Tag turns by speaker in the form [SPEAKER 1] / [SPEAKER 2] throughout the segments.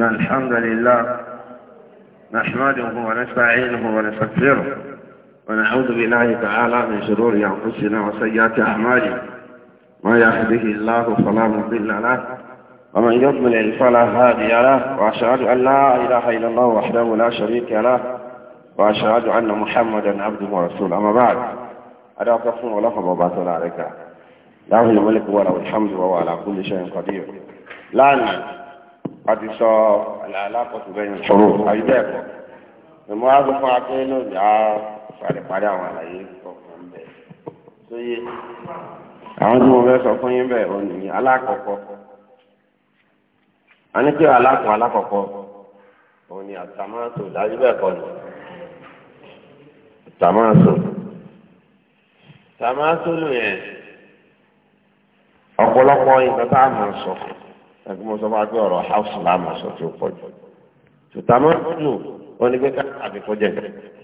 [SPEAKER 1] الحمد لله نحمده ونستعينه ونستغفره ونعوذ بالله تعالى من شرور أنفسنا وسيئات أعمالنا ما يهده الله فلا مضل له ومن يضلل فلا هادي له وأشهد أن لا إله إلا الله وحده لا شريك له وأشهد أن محمدا عبده ورسوله أما بعد أدعو كفر وله وبعث عليك له الملك وله الحمد وهو على كل شيء قدير لأن قد صار العلاقة بين الحروب أي ذاك المعاذ فاعتين paríparí àwọn àlàyé kọ̀ọ̀kan bẹ̀. sóyè àwọn tí mo fẹ́ sọ fún yín bẹ́ẹ̀ òní ni alákọ̀ọ́kọ́ a ní pé alákùn alákọ̀ọ́kọ́ òní àtàmátò dájú bẹ́ẹ̀ kọ́ ni tàmátò tàmátò lò yẹn ọ̀pọ̀lọpọ̀ nǹkan tá a máa sọ ẹgbẹ́ mo sọ fún wa pé ọ̀rọ̀ house la máa sọ tí ó pọ̀ jù tàmátò lò ó ní pé ká àbíkọ́jẹ́ gẹ́gẹ́.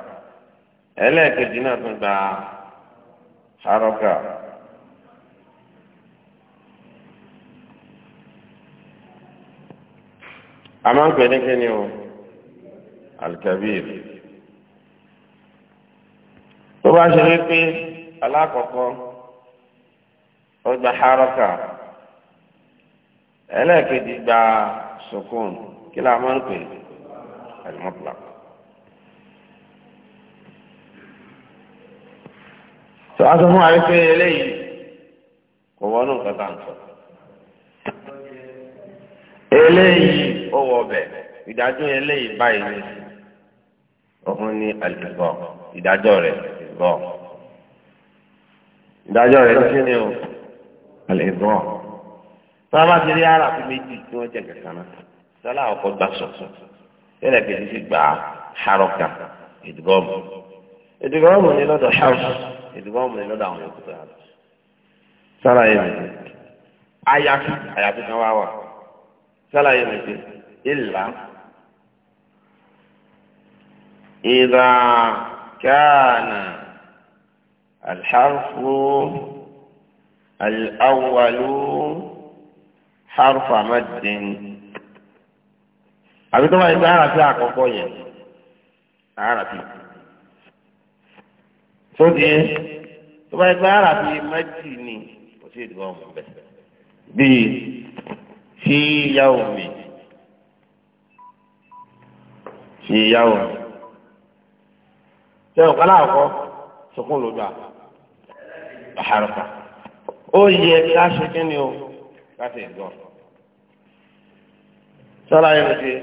[SPEAKER 1] ẹlẹ́ẹ̀kejì náà tún gba haraka a máa ń pè ní kíni o alikabir
[SPEAKER 2] tó bá ṣe wípé
[SPEAKER 1] alákọ̀ọ́kọ́ ó gba haraka ẹlẹ́ẹ̀kejì gba sukun kí la máa ń pè alimọ́tòlákọ̀. tó a sọ fún àrí pé eléyìí kò wọnú nǹkan tá à ń sọ eléyìí ó wọ ọbẹ̀ ìdájọ́ eléyìí báyìí ní òun ní àlùbọ̀ ìdájọ́ rẹ̀ bọ̀ ìdájọ́ rẹ̀ ní kíni o àlùbọ̀ tó a bá ti rí ara fún méjì tí wọ́n jẹ kankan náà sọlá ọkọ gbà sọ̀tún yẹ́nlẹ̀ kejì sì gbà á harọ́kà ìdìbọ́mù ìdìbọ́mù ni lọ́dọ̀ ṣáàṣì ìdìbò ọmọ ìlọ́dọ̀ àwọn yòókù tó yàtọ̀ sára yẹn mi àyàfi àyàfi kan wá wà sára yẹn mi ti ìlà ìlà kánà alḥarfu al'awalu harfa madin àbí tó bá yẹ kó àkọ́kọ́ yẹn ara tó di yé tó bá yẹ pé ara fi méjì ni kò sí ìdúró ọmọ bẹ bíi fi yàwó mi fi yàwó mi tẹ ọ̀kan láàkọ́ sọkún ló gbà àhàrùkà ó yẹ ká ṣe kí ni o ká ṣe ìdúró sọlá yẹn ló ṣe.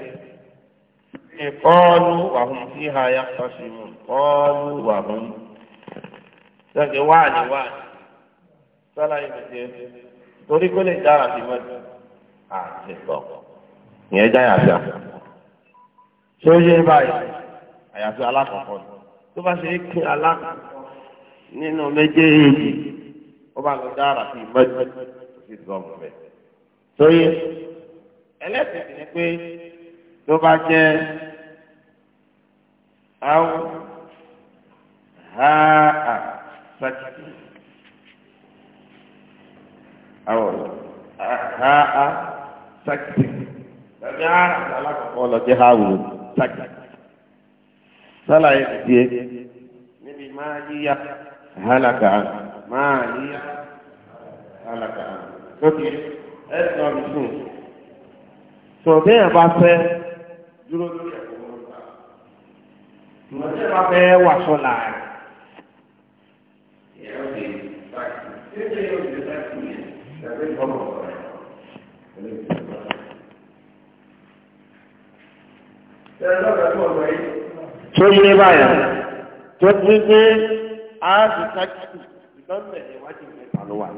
[SPEAKER 1] قالوا وهم فيها يختصمون قالوا وهم sọ́kè wá ní wá ní sọ́lá yìí ti torí kó lè dára sí mọ́tò àti sọ ìyẹn já yàtọ̀ ṣé ó yé báyìí àyàfi alákọ̀ọ́kọ́ ni tó bá ṣe é kí alákọ̀ọ́kọ́ nínú méjèèjì ó bá lọ dára sí mọ́tò sí sọ́mù rẹ̀ sóyè ẹlẹ́sìn ni pé tó bá jẹ́ àwọn ha sati awọ Ha, sati tàbí ara alákọ̀ọ́ lọ sí hawu sati sálà yẹn ti yẹ níbi máa yíya halaka máa yíya halaka lókè ẹ sọ mi sùn sọ̀tẹ́ yẹn bá fẹ́
[SPEAKER 2] dúró lórí ẹ̀kọ́ wọn.
[SPEAKER 1] sọ̀tẹ́ yẹn bá fẹ́ wàṣọ làárẹ̀.
[SPEAKER 2] 也要给大家，这个要给大家注意，大家好好考虑。tó yé báyà
[SPEAKER 1] tó ti gbé áàbì kájú lọ́nà ìwádìí mẹ́ta ló wà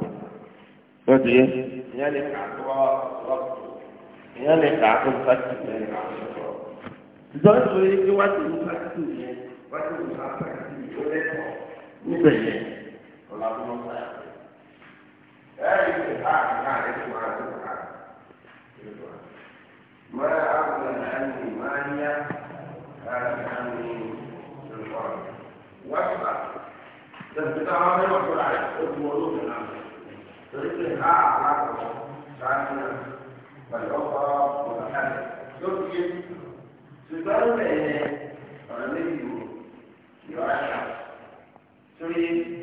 [SPEAKER 1] tó ti yé ìyá lè kà tó wá lọ́kùnrin ìyá lè kà tó
[SPEAKER 2] kájú lẹ́yìn àwọn
[SPEAKER 1] ọ̀rọ̀. ìjọba ìṣòro yìí wá sí ìlú yẹn wá sí ìlú kájú yẹn lẹ́kọ̀ọ́ níbẹ̀ yẹn. اللهم صل على سيدنا ما أغنى عني ماليا قال عني سلطان واسمع
[SPEAKER 2] تثبت أمامي وقل عليك اسم ولوك الأمر تركها على سامنا والأخرى والحل تركي سلطان بيني ونبيه يعشق سرير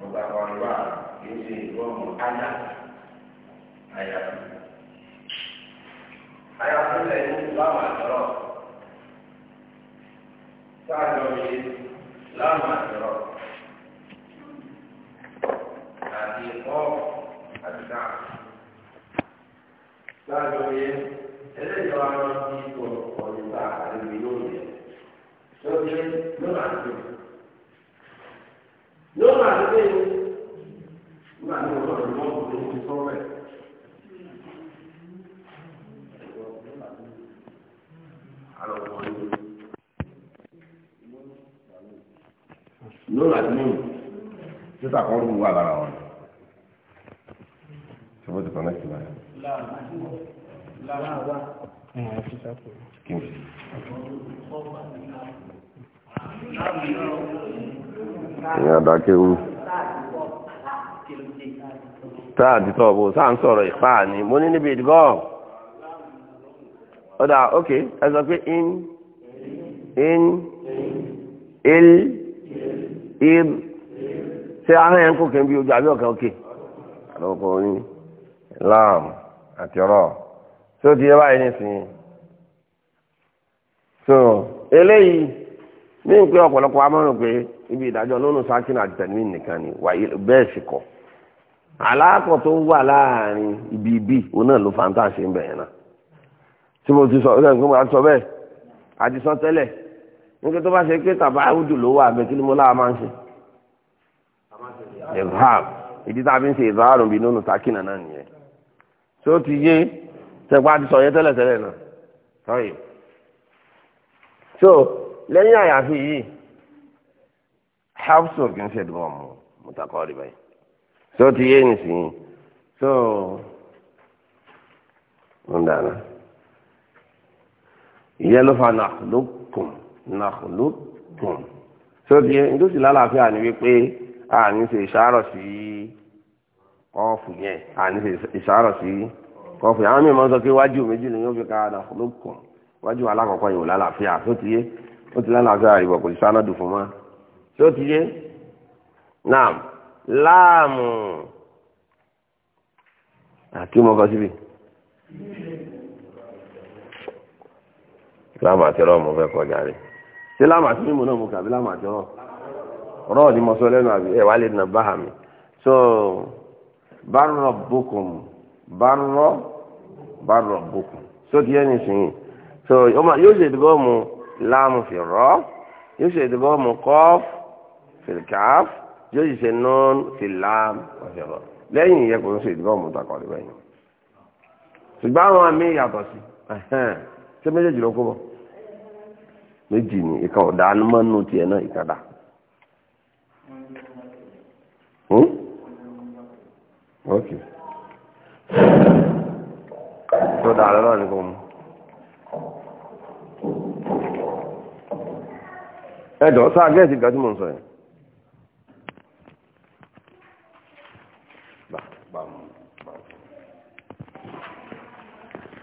[SPEAKER 1] mùtàkọ̀rìbà kì í ṣe ìwọ mùtájà àyàfi.
[SPEAKER 2] àyàfi lẹ́yìn láwọn àjọrọ̀ sáàjọ mi láwọn àjọrọ̀ àti ìkọ́ àti sáàjọ mi eléyìí wà lọ sí ipò
[SPEAKER 1] ọ̀yìnbá àti ìlú yóò yẹ lóde lọ́nà àjọyọ̀
[SPEAKER 2] yóò máa ní bẹ́ẹ̀ ni nígbà tí wọ́n lọ́dọ̀ mọ́ òun ti sọ rẹ̀.
[SPEAKER 1] lóòrò àti mímu títà kan rúbu wà lára wọn ṣe bó ti kọ́nẹ́kì báyìí.
[SPEAKER 2] Kí ni? ìyẹn àdákéwú
[SPEAKER 1] táà ti tọ́ bó sáà ń sọ̀rọ̀ ìfáà ni mo ní níbi ìdígọ́ ọ̀dà ok ẹ sọ pé in in il ib ṣé ahọ́n yẹn kò kí n bí ojú àbí ọ̀kẹ́ òkè àlọ́kọ̀ orin lam àti ọ̀rọ̀ tí ó ti yẹ báyìí nísìnyí so eléyìí ní ìpín ọ̀pọ̀lọpọ̀ amọ́rùn pé níbi ìdájọ́ lónà sákìn àti tẹ̀lé nìkan ni bẹ́ẹ̀ sì kọ́ aláàkọ̀ tó wà láàrin ibi ibi òun náà ló fanta ṣe ń bẹ̀yẹn náà tí mo ti sọ ọ́ sẹ́yìn àti sọ bẹ́ẹ̀ àti sọ tẹ́lẹ̀ nígbà tó bá ṣe pé tàbá àwùjọ ló wà bẹ́ẹ̀ kí ni mo láà máa ń ṣe ìbáàm ìdí tá ń ṣe ìbáàrùn bíi lónà sákìn náà nìyẹn tó ti yé sẹ́pà àti sọ yẹn tẹ́lẹ̀ tẹ́lẹ̀ náà sọ́yìn so lẹ́yìn àyàfi yìí hapsu kì í ṣe ìdúgbò mu mùtàkọ́ rí báyìí tó ti yé nìsín tó ń dáná ìyẹn ló fa nàkùlùkùn nàkùlùkùn tó ti yé nítòsí lálàáfíà ni wípé àní ṣe ìṣàrọ̀ sí kọ́ọ̀fù yẹn àní ṣe ìṣàrọ̀ sí kọ́ọ̀fù yẹn àwọn mìíràn sọ pé wájú méjì ni yóò fi ká nàkùlùkùn wájú alákọ̀ọ́kọ́ yìí ò lálàáfíà tó ti yé ó ti lálàáfíà ìwọ̀ kò sí sánádù fún wa tó ti yé naam láàmù àti mo kọ síbi láàmù àti ọ̀rọ̀ mo fẹ́ kọjá rẹ̀ ṣé láàmù àti mímu náà mo kà bí láàmù àti ọ̀rọ̀ ọ̀rọ̀ ni mo sọ lẹ́nu àbí ẹ wà lè nà bá mi so bárọ̀ bókun bárọ̀ bárọ̀ bókun sóti yẹn nìsín so yóò ṣe ìdìbò mu láàmù fi rọ yóò ṣe ìdìbò mu kọ́ọ̀fù filkaf yóò sì ṣe nọ́ọ̀n filam ọ̀ṣẹ̀rọ̀ lẹ́yìn ìyẹn kò ń ṣe ìdúgbò mùtàkọ̀ rẹ̀ bẹ́yìn ṣùgbọ́n àwọn àmì yàtọ̀ sí ṣé méjèèjì ló kó bọ̀ méjì ni ìka ọ̀dà anúmọ́nù tiẹ̀ náà ìka dà hmm? ok tó dáa lọ́wọ́ ni kò mú. ẹ̀dọ̀ sáà gẹ̀ẹ́sì gàdúmọ̀ sọ yẹn.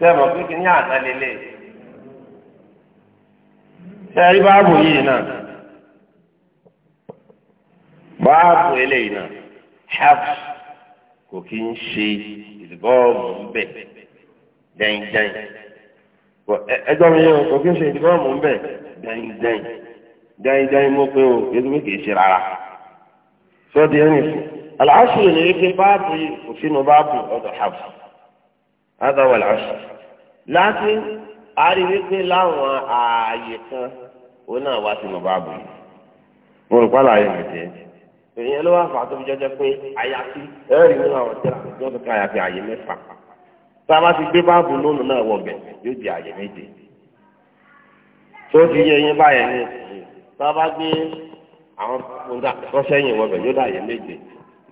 [SPEAKER 1] sẹ́ẹ̀mọ̀ pé kí ní àná lélẹ̀ sẹ́ẹ̀rí báàbù yìí náà báàbù eléyìí náà ṣáàbù kò kí ń ṣe ìdìbọ́ọ̀mù ńbẹ̀ dẹ́yìn-dẹ́yìn ẹjọ́ mi yẹn kò kí ń ṣe ìdìbọ́ọ̀mù ńbẹ̀ dẹ́yìn-dẹ́yìn dẹ́yìn mo pé o yẹtú pé kì í ṣe rárá sọ́ọ́dì ẹ̀rìn fún aláṣẹ ìlú yìí báàbù yìí kò sínú báàbù ọ̀dọ̀ ṣáàbù. هذا هو العشر لكن أعرف pé láwọn ààyè kan òun náà wá sínú báàbù yìí mo rò pálá ayé mi jẹ èèyàn ló wá fà á tó fi jẹjẹ pé àyàfi ẹ̀rí nínú àwọn tẹ́lá tó ń ká àyàfi àyè mẹ́fà tá a bá ti gbé báàbù lónìí náà wọ bẹ̀ yóò di àyè méje
[SPEAKER 2] tó fi yẹ yín báyẹn ní
[SPEAKER 1] tá a bá gbé àwọn kọ́sẹ́yìn wọ bẹ̀ yóò dá àyè méje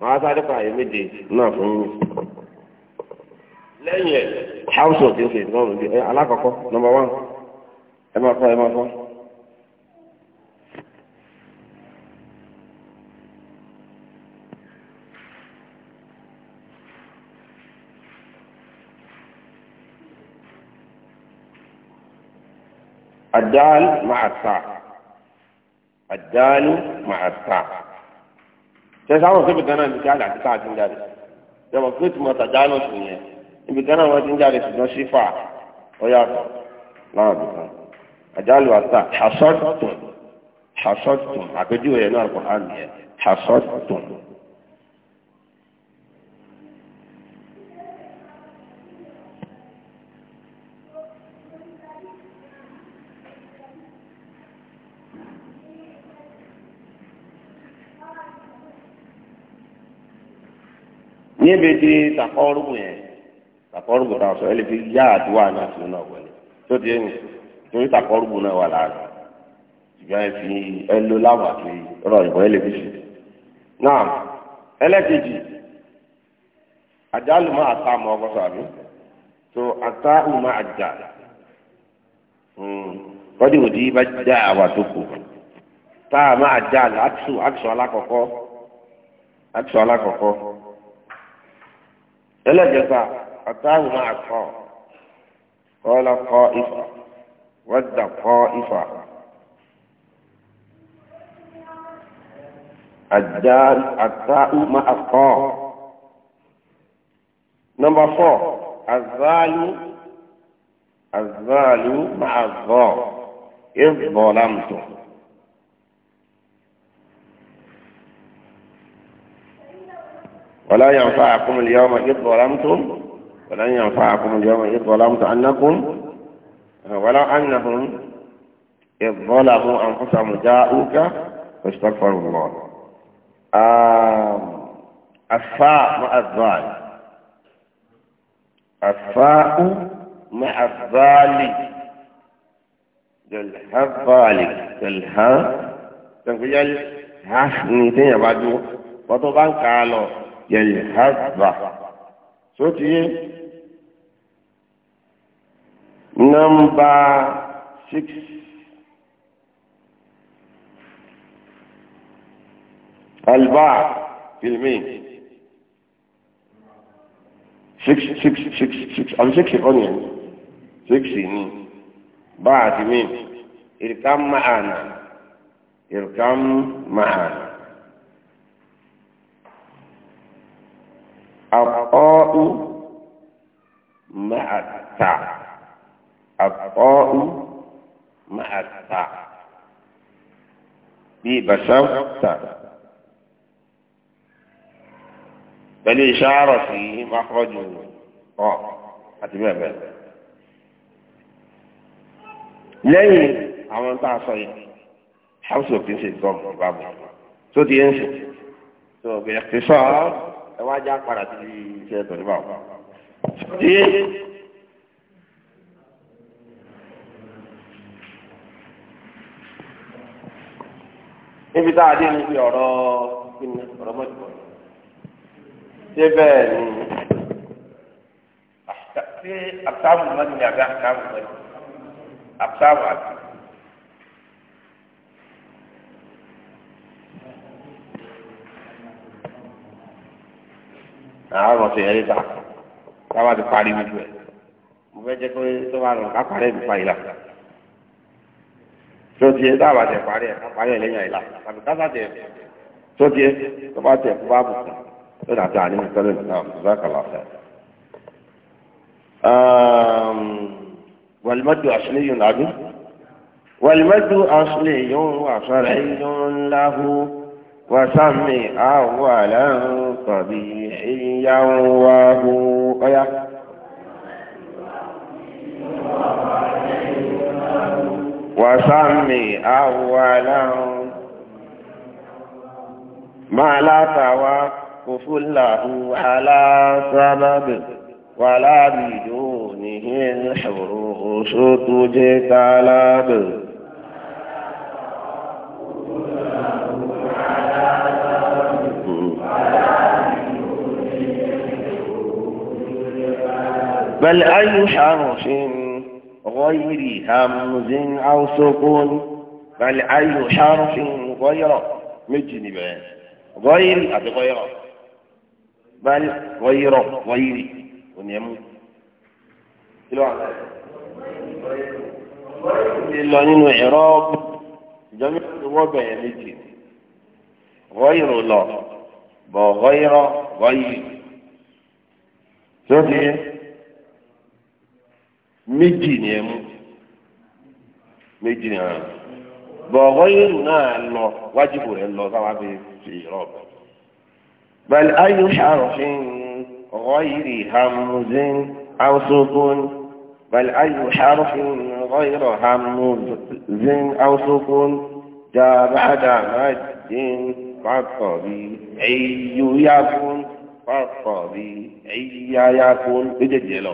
[SPEAKER 1] màá sáré pa àyè méje náà fún yín lẹ́yìn ẹ̀ house of the faith lọ́rùn bíi alákọ̀ọ́kọ́ number one ẹ máa fọ́ ẹ máa fọ́. الدال مع التاء الدال مع التاء تسعة وسبعة أنا بتاع العتاق عندنا يوم كنت ما تدانو سنية ibi kan náà ti ń jáde ṣùgbọ́n ṣífà ó yàtọ̀ kan àjálù àtà hasọ́tùn hasọ́tùn àpèjúwe ẹ̀ náà kò hàn yẹn hasọ́tùn. níbi tí tàkọ́ ọ̀rùn yẹn. takọ́rùbù náà sọ ẹlẹ́fi yá àdúrà náà tó náà wọlé tó ti ẹni torí takọ́rùbù náà wà láàrin ìgbà ẹ̀fì ẹlò láwọn àti rọ ìbọn ẹlẹ́fi sí. náà ẹlẹ́kejì àjálù máa ta mọ ọkọ sàbí tó ata àjà kọ́dí òdì bá àwà tó kù a alákọ̀ọ́kọ́ alákọ̀ọ́kọ́ أتاه مع الطاء قال الطائفة ود الطائفة الدال التاء مع الطاء نمبر فور الزال الزال مع الظاء إذ ظلمت ولا ينفعكم اليوم إذ ظلمتم ولن ينفعكم اليوم إذ ظلمت أنكم ولو أنهم إذ ظلموا أنفسهم جاءوك فاستغفروا الله الفاء مع الظال الفاء مع الظالم جلها الظالم جلها تنقل هاشني تنيا بعدو وطبعا قالوا جلها الظال سوتي number six الباء في الميم six six six six أو six يعني. six يعني. باء في الميم اركم معانا اركم معانا الطاء مع التعب àtọ́ù máa tà bí bàṣáwùtà pẹ̀lú ìṣàárọ̀ sí mákọ́jù ọ̀ àti bẹ́ẹ̀ bẹ́ẹ̀. lẹ́yìn àwọn tá a sọ yìí house of peace is gone bàbá mi tó ti ń sìn tó bẹ̀rẹ̀ fi sọ ẹ wá já padà sí iṣẹ́ tó ní báwọn. níbi tá a dé níbi ọ̀rọ̀ ìpinnu ọ̀rọ̀ mọ́tìkọ̀ ṣé bẹ́ẹ̀ ni ṣé àbúsáàbù mọ́tì ni àbí àbúsáàbù mọ́tì àbúsáàbù àbí. àwọn ọmọ sèyàn lè ta táwa ti parí gbogbo ẹ mo fẹ́ jẹ́ pé tó bá lọ ká parí ẹ̀ nípa ìlànà sọtí ẹ dábàá tẹ parí ẹ kàn parí ẹ lẹ́yìn àìlá tàbí kásá tẹ sọtí ẹ tó bá tẹ kó bá bù kàn tó tẹ àníbi tẹ́lẹ̀ náà bùbá kàlà fẹ. wàlúmọ́dù yìí nàbí wàlúmọ́dù àṣìlẹ̀ yìí wà sọ̀rọ̀ yìí ńláhu wà sàmì àwọn àlàǹkàbí ìyàwó wàhù ọ̀yà. وسمي أولا ما لا توقف له على سبب ولا بدونه الحروس تجتلب بل أي حرف غير همز أو سكون بل أي حرف غير مجنبا غير أبي غير بل غير غير ونيمو
[SPEAKER 2] كيلو إلا نينو إعراب
[SPEAKER 1] جميع الوضع يمجن غير الله بغير غير شوفي méjì ni ẹ mú méjì ni ẹ bọ̀wọ́ yìí náà lọ wájibò rẹ lọ sábà fi fi rọ̀bù. bal ayu harfin ghayri hamzin aw sukun bal ayu harfin ghayri hamzin aw sukun jaa ba'da maddin فالطبيعي يكون فالطبيعي يكون بجد يلو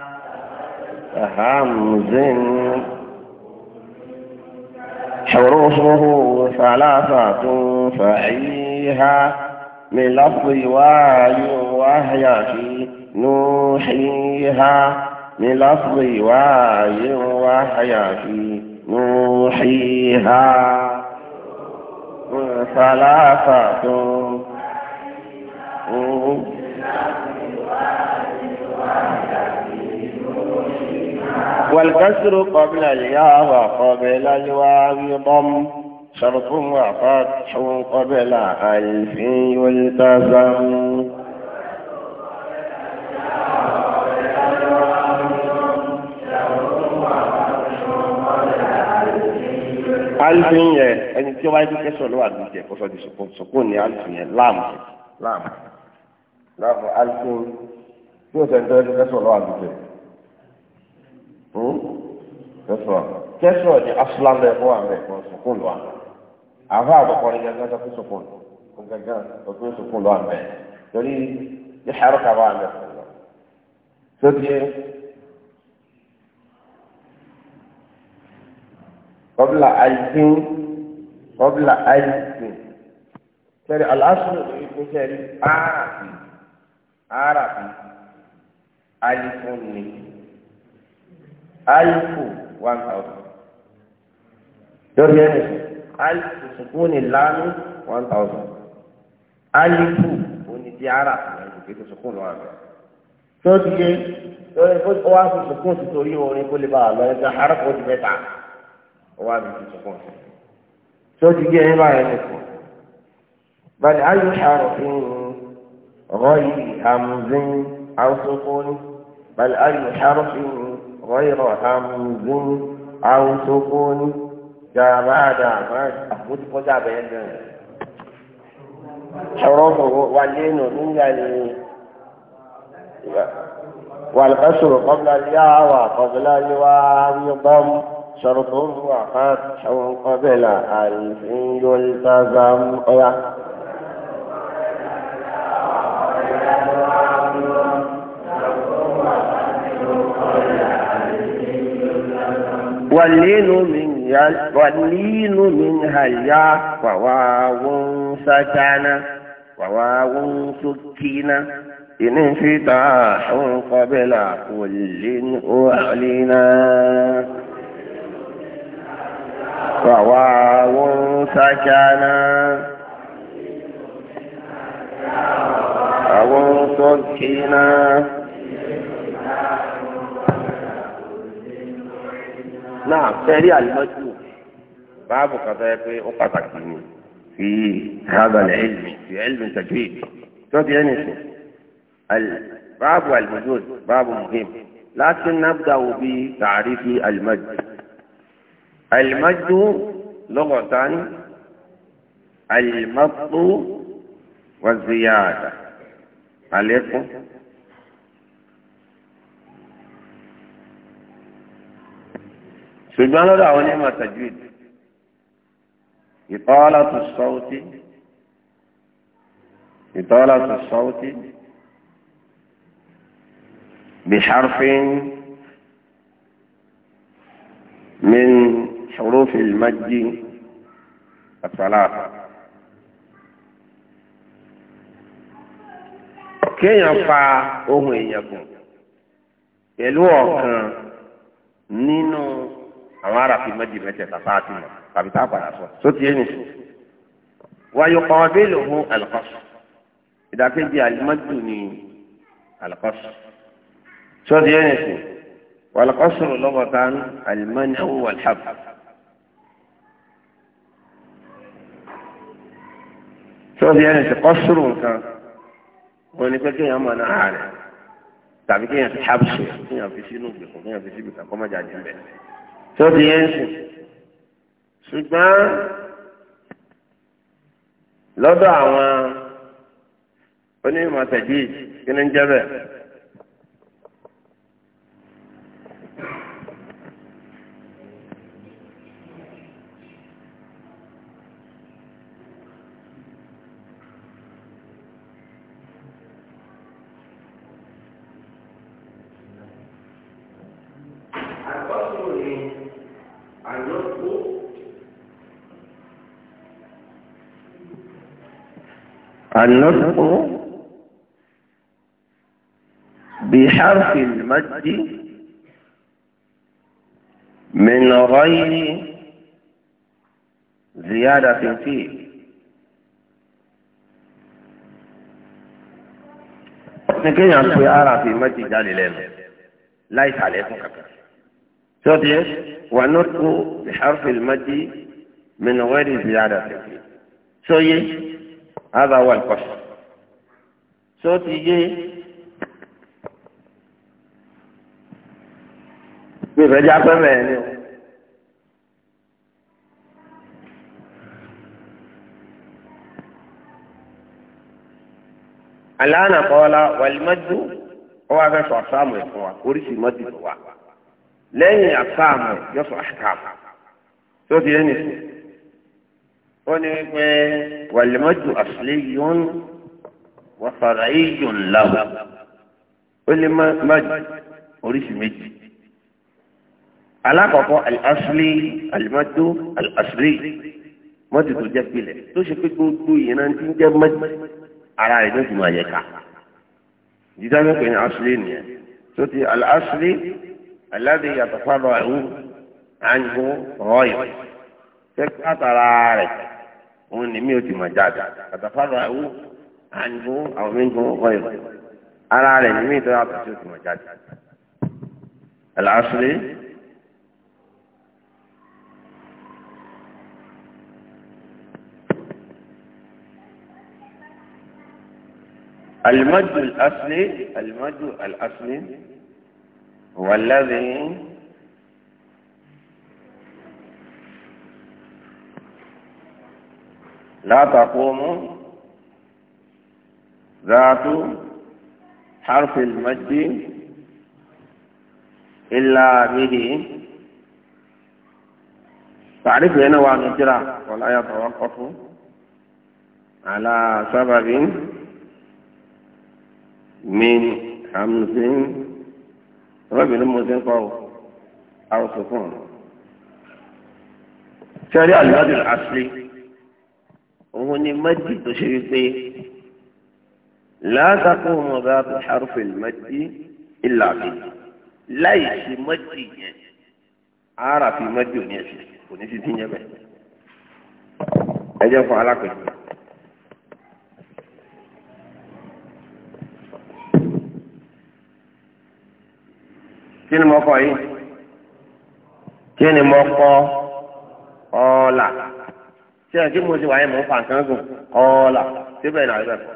[SPEAKER 1] همز حروفه ثلاثة فعيها من لفظ واي وهي في نوحيها من لفظ واي وهي في نوحيها ثلاثة والكسر قبل الياء وقبل الواو ضم شرط وفتح قبل ألف يلتزم alifin yẹ ẹni tí ó wáyé kékeré sọ ló wà lójú ẹ kó sọ di sukun sukun ni alifin yẹ lam lam lam alifin tí ó sọ ẹni tí ó wáyé ló wà lójú ẹ. Hmm? kẹsọ̀ kẹsọ̀ ni asilamu ẹ̀kọ́ àmì ẹ̀kọ́ sukùn lọ àmì àfa àbọ̀kọ́ ni gángan tó fún torí yẹ kaba alifu one thousand lórí ẹni alifu sukuni lánú one thousand alifu onídìí ara ìgbésẹ̀ sukuni wà bẹ́ẹ̀ tó ti yé lórí ó wá fún sukuni ti torí orin kó lè bá a lọ ẹgbẹ́ harapọ̀ ti bẹ́ẹ̀ ta ó wá fi sukuni tó yé ẹni báyẹn ní sùn bàlẹ́ ayé harapin rọ́ọ̀yì hamzin àwọn sukuni bàlẹ́ ayé harapin. غير همز أو سكون جاء بعد أحمد قد بينا حروفه واللين من يعني والقصر قبل الياء وقبل الواو يضم شرط وقد قبل ألف يلتزم wàlínú mi hàyà wàwáwùn sátánà wàwáwùn sókínà ìní fìtà òǹkọ̀bẹ́là kò lè ní ó àlínà. wàwáwùn sátánà àwọn sókínà. náà fẹ́rí àlùmọ́jú báàbù kan tó yẹ pé ó pàtàkì ni fi hábàlẹ̀ ẹ̀lmì fi ẹ̀lmì tẹ̀jú ìdí tó ti ẹni sìn báàbù àlùmọ́jú báàbù muhim láti nàbdà wò bí tàrífì àlùmọ́jú àlùmọ́jú lọ́gọ̀tàn àlùmọ́jú wà àlékún. سجانو دا ونی ما تجوید اطالت الصوتی اطالت الصوتی بحرفین من حروف المجد الثلاثة كي يفا أهو يكون يلوه نينو àwọn ará aráàfin méjì mẹ́tẹ̀ẹ̀ta àti mọ̀ tàbí tá a padà sọ sóti ẹni sùn. wáyé kan bí lòun alùpàṣù ìdákẹ́jì alimọ́jù ni alùpàṣù sóti ẹni sùn wàlùpàṣù lọ́bọ̀tán alimọ́nyáwó wàlùhàbù. sóti ẹni sùn kọ́sùrù nǹkan wọn ni pé kéèyàn mọ̀ náà rẹ̀ tàbí kéèyàn fi hábùsù kéèyàn fi sínú gbèsò kéèyàn fi síbi kàkọ́mọ́jà jẹ́ bẹ́ẹ̀.
[SPEAKER 2] tó di yẹn sùn
[SPEAKER 1] ṣùgbọ́n lọ́dọ̀ àwọn onímọ̀ tẹ̀jì kí ni ń jẹ́ bẹ́ẹ̀. النطق بحرف المد من غير زيادة فيه نكين ينطوي آراء في مد جالي ليس عليكم كبير سوديس ونطق بحرف المجد من غير زيادة فيه سوديس هذا هو القصر صوت يجي بيرجع فماني الآن قال والمد هو بس أقسام الإخوة ورث المد هو لين أقسام يصل أحكام صوت يجي ó ní pé wàlímọ́jù asliyun wa far'iyyun lahu ó lè má oríṣi méjì alákọ̀ọ́kọ́ al-asli alimọ́jù al-asli mọ́tò tó jẹ́ pilẹ̀ tó ṣe pé gbogbo ìran tí ń jẹ́ mọ́tò ara rẹ̀ ló ti máa yẹ ká jíjá mẹ́pẹ́ ní asli nìyẹn tó ti al-asli alladhi yatafarra'u anhu rọ́ọ̀yọ̀ tẹ́kátàrà rẹ̀ òun ni mi ò ti mọ̀ jáde àtàfàrọ̀ àwọ̀ àǹgó àwọn méjì wọn kọ́ ìwà ara rẹ̀ ni mi ìtọ́ àtọ̀ tí ò ti mọ̀ jáde. àlàáfíà المد الأصلي المد الأصلي هو الذي لا تقوم ذات حرف المجد إلا به تعرف هنا ونجرى ولا يتوقف على سبب من حمز رب المزنقو أو سكون شريع الهدي الأصلي òun ni mẹ́tì tó ṣe wípé láàtàkù mọ̀gá tó ṣàrùfẹ̀ mẹ́tì ìlàbí láì ṣe mẹ́tì yẹn ara fi mẹ́tì òní ẹ̀sìn kò ní sí ti yẹn bẹ́ẹ̀. ẹ jẹ́ fún alákòóso. kí ni mo kọ yìí kí ni mo kọ ọ́ là ṣe ẹ̀ kí mo ti wà yẹn mò ń fa nǹkan gùn ọ̀ọ́là síbẹ̀ náà ibẹ̀ kọ́.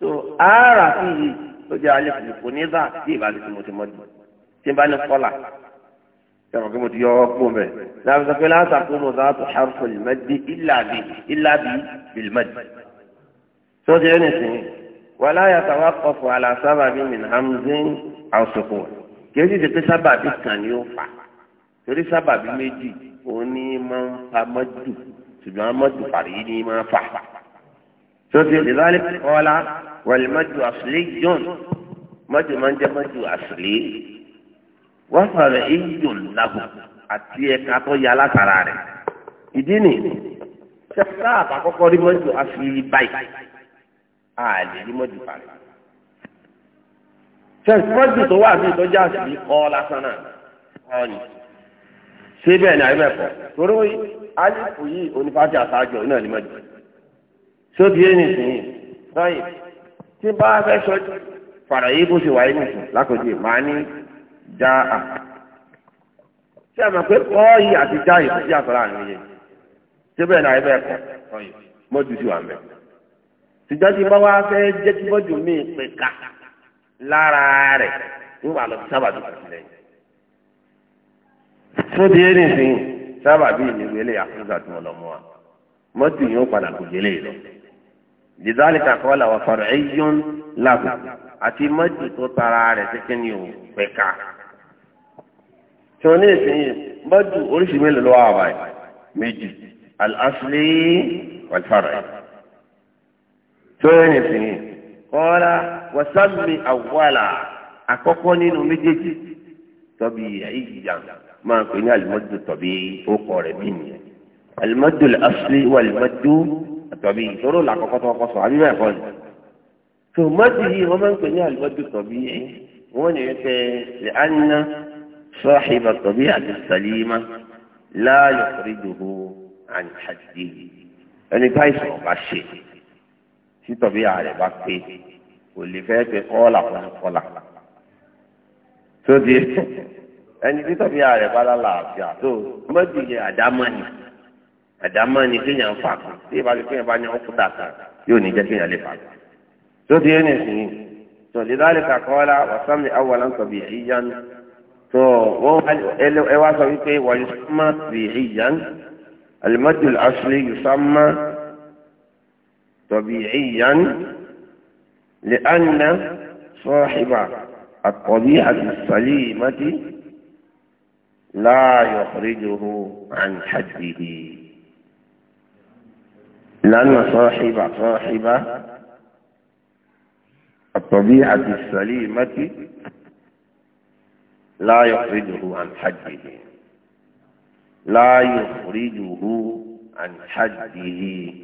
[SPEAKER 1] so ara fi yìí ó jẹ́ alẹ́ kùnú kò ní bá tí ìbálẹ̀ tí mo ti mọ́ di tí n bá ní kọ́là ṣe àwọn kí mo ti yọ ọ́ kó mẹ́. láti sọ pé láti àkó mo sọ àtò harfu lìmẹ́dì ìlàbí ìlàbí bìlìmẹ́dì. sọ́jà ẹni sìn wàlá yàtọ̀ wá kọ̀ọ̀fù àlàsábà mi min hamzin àwòsòkò kì í sì ti pé sábàbí kan ni ó fà torí sábàbí méjì òun ní máa ń pamọ́ jù ṣùgbọ́n mọ́jú parí ni máa fà. sọ́tì ìdílé kọ́lá wàlí mọ́jú àṣìlẹ̀ john mọ́jú máa ń jẹ́ mọ́jú àṣìlẹ̀ wọ́n fàrẹ̀ ìjùn lábù àti ẹ̀ka tó yà látara rẹ̀. ìdí ni ṣẹ́fúrà àbákọ́kọ́ rí mọ́jú àṣìlẹ̀ báyìí àlè rí mọ́jú parí. ṣẹ́fúrà mọ́jú tó wà ní ìtọ́jú àṣìlẹ̀ kọ́ lásán náà ṣé na ni àyẹ̀bẹ̀ kọ́ torí alifu yìí onífàtí àṣáájú náà ni mọ́jú ṣó ti yé nìsín sọ́yìn fara bá si wa fàrà yìí bó ṣe wáyé nìsín lákòjú màá ní já à ṣé àmọ̀ pé kọ́ yìí àti já yìí sí àtọ́lá àná yẹn ṣé bẹ́ẹ̀ ni àyẹ̀bẹ̀ kọ́ sọ́yìn mọ́jú sí wà mẹ́ ṣùgbọ́n tí bá wá fẹ́ fún ti yéé nìsín sábà bí ìlú ilé àfúrúgà tí wọn lọ mú wa mọ́tò yìí ó padà kò délé lọ. jìdálìkà kọ́lá wà fọ̀rọ̀ ẹ̀yọ́n làbò àti mọ́tò tó tara rẹ̀ tẹ́tẹ́ ní òun pẹ̀ka. tí wọn ní ìsìn yìí mọ́tò oríṣi mélòó wà wáyé méjì al-asli wal-far'i. tí wọn ní ìsìn yìí kọ́lá àkọ́kọ́ nínú méjèèjì tọ́bi ìyá ìyá ما قلنا المد الطبيعي فوق ولا المد الاصلي والمد الطبيعي ترى العقاقات وقصة عمي ما يقول ثم مده وما قلنا المد الطبيعي وان لان صاحب الطبيعة السليمة لا يخرجه عن حده يعني بايس وقع الشيء في طبيعة لبقتي واللي فات قال قال قال قال قال ẹni tí tàbí ààrẹ bá lálà àfíà tó mọ́tìlẹ̀ àdámọ́ni àdámọ́ni kéèyàn fà kù tí ìbá lè kéèyàn bá ní ọkùn dàkà yóò ní jẹ́ kéèyàn lè fà kù. tó ti yẹn nìsín tó lílálẹ̀ kàkọ́lá wàsámi awọlá ń sọ bí ìyánu tó wọ́n ẹ wá sọ wípé wàyí sọ́mà bí ìyánu alimọ́tìlẹ̀ asúlẹ̀ yìí sọ́mà tọ̀bí ìyánu lè ánà sọ́ọ̀hìbà àkọ́bí àti sàlẹ̀ yìí لا يخرجه عن حده لأن صاحب صاحب الطبيعة السليمة لا يخرجه عن حده لا يخرجه عن حده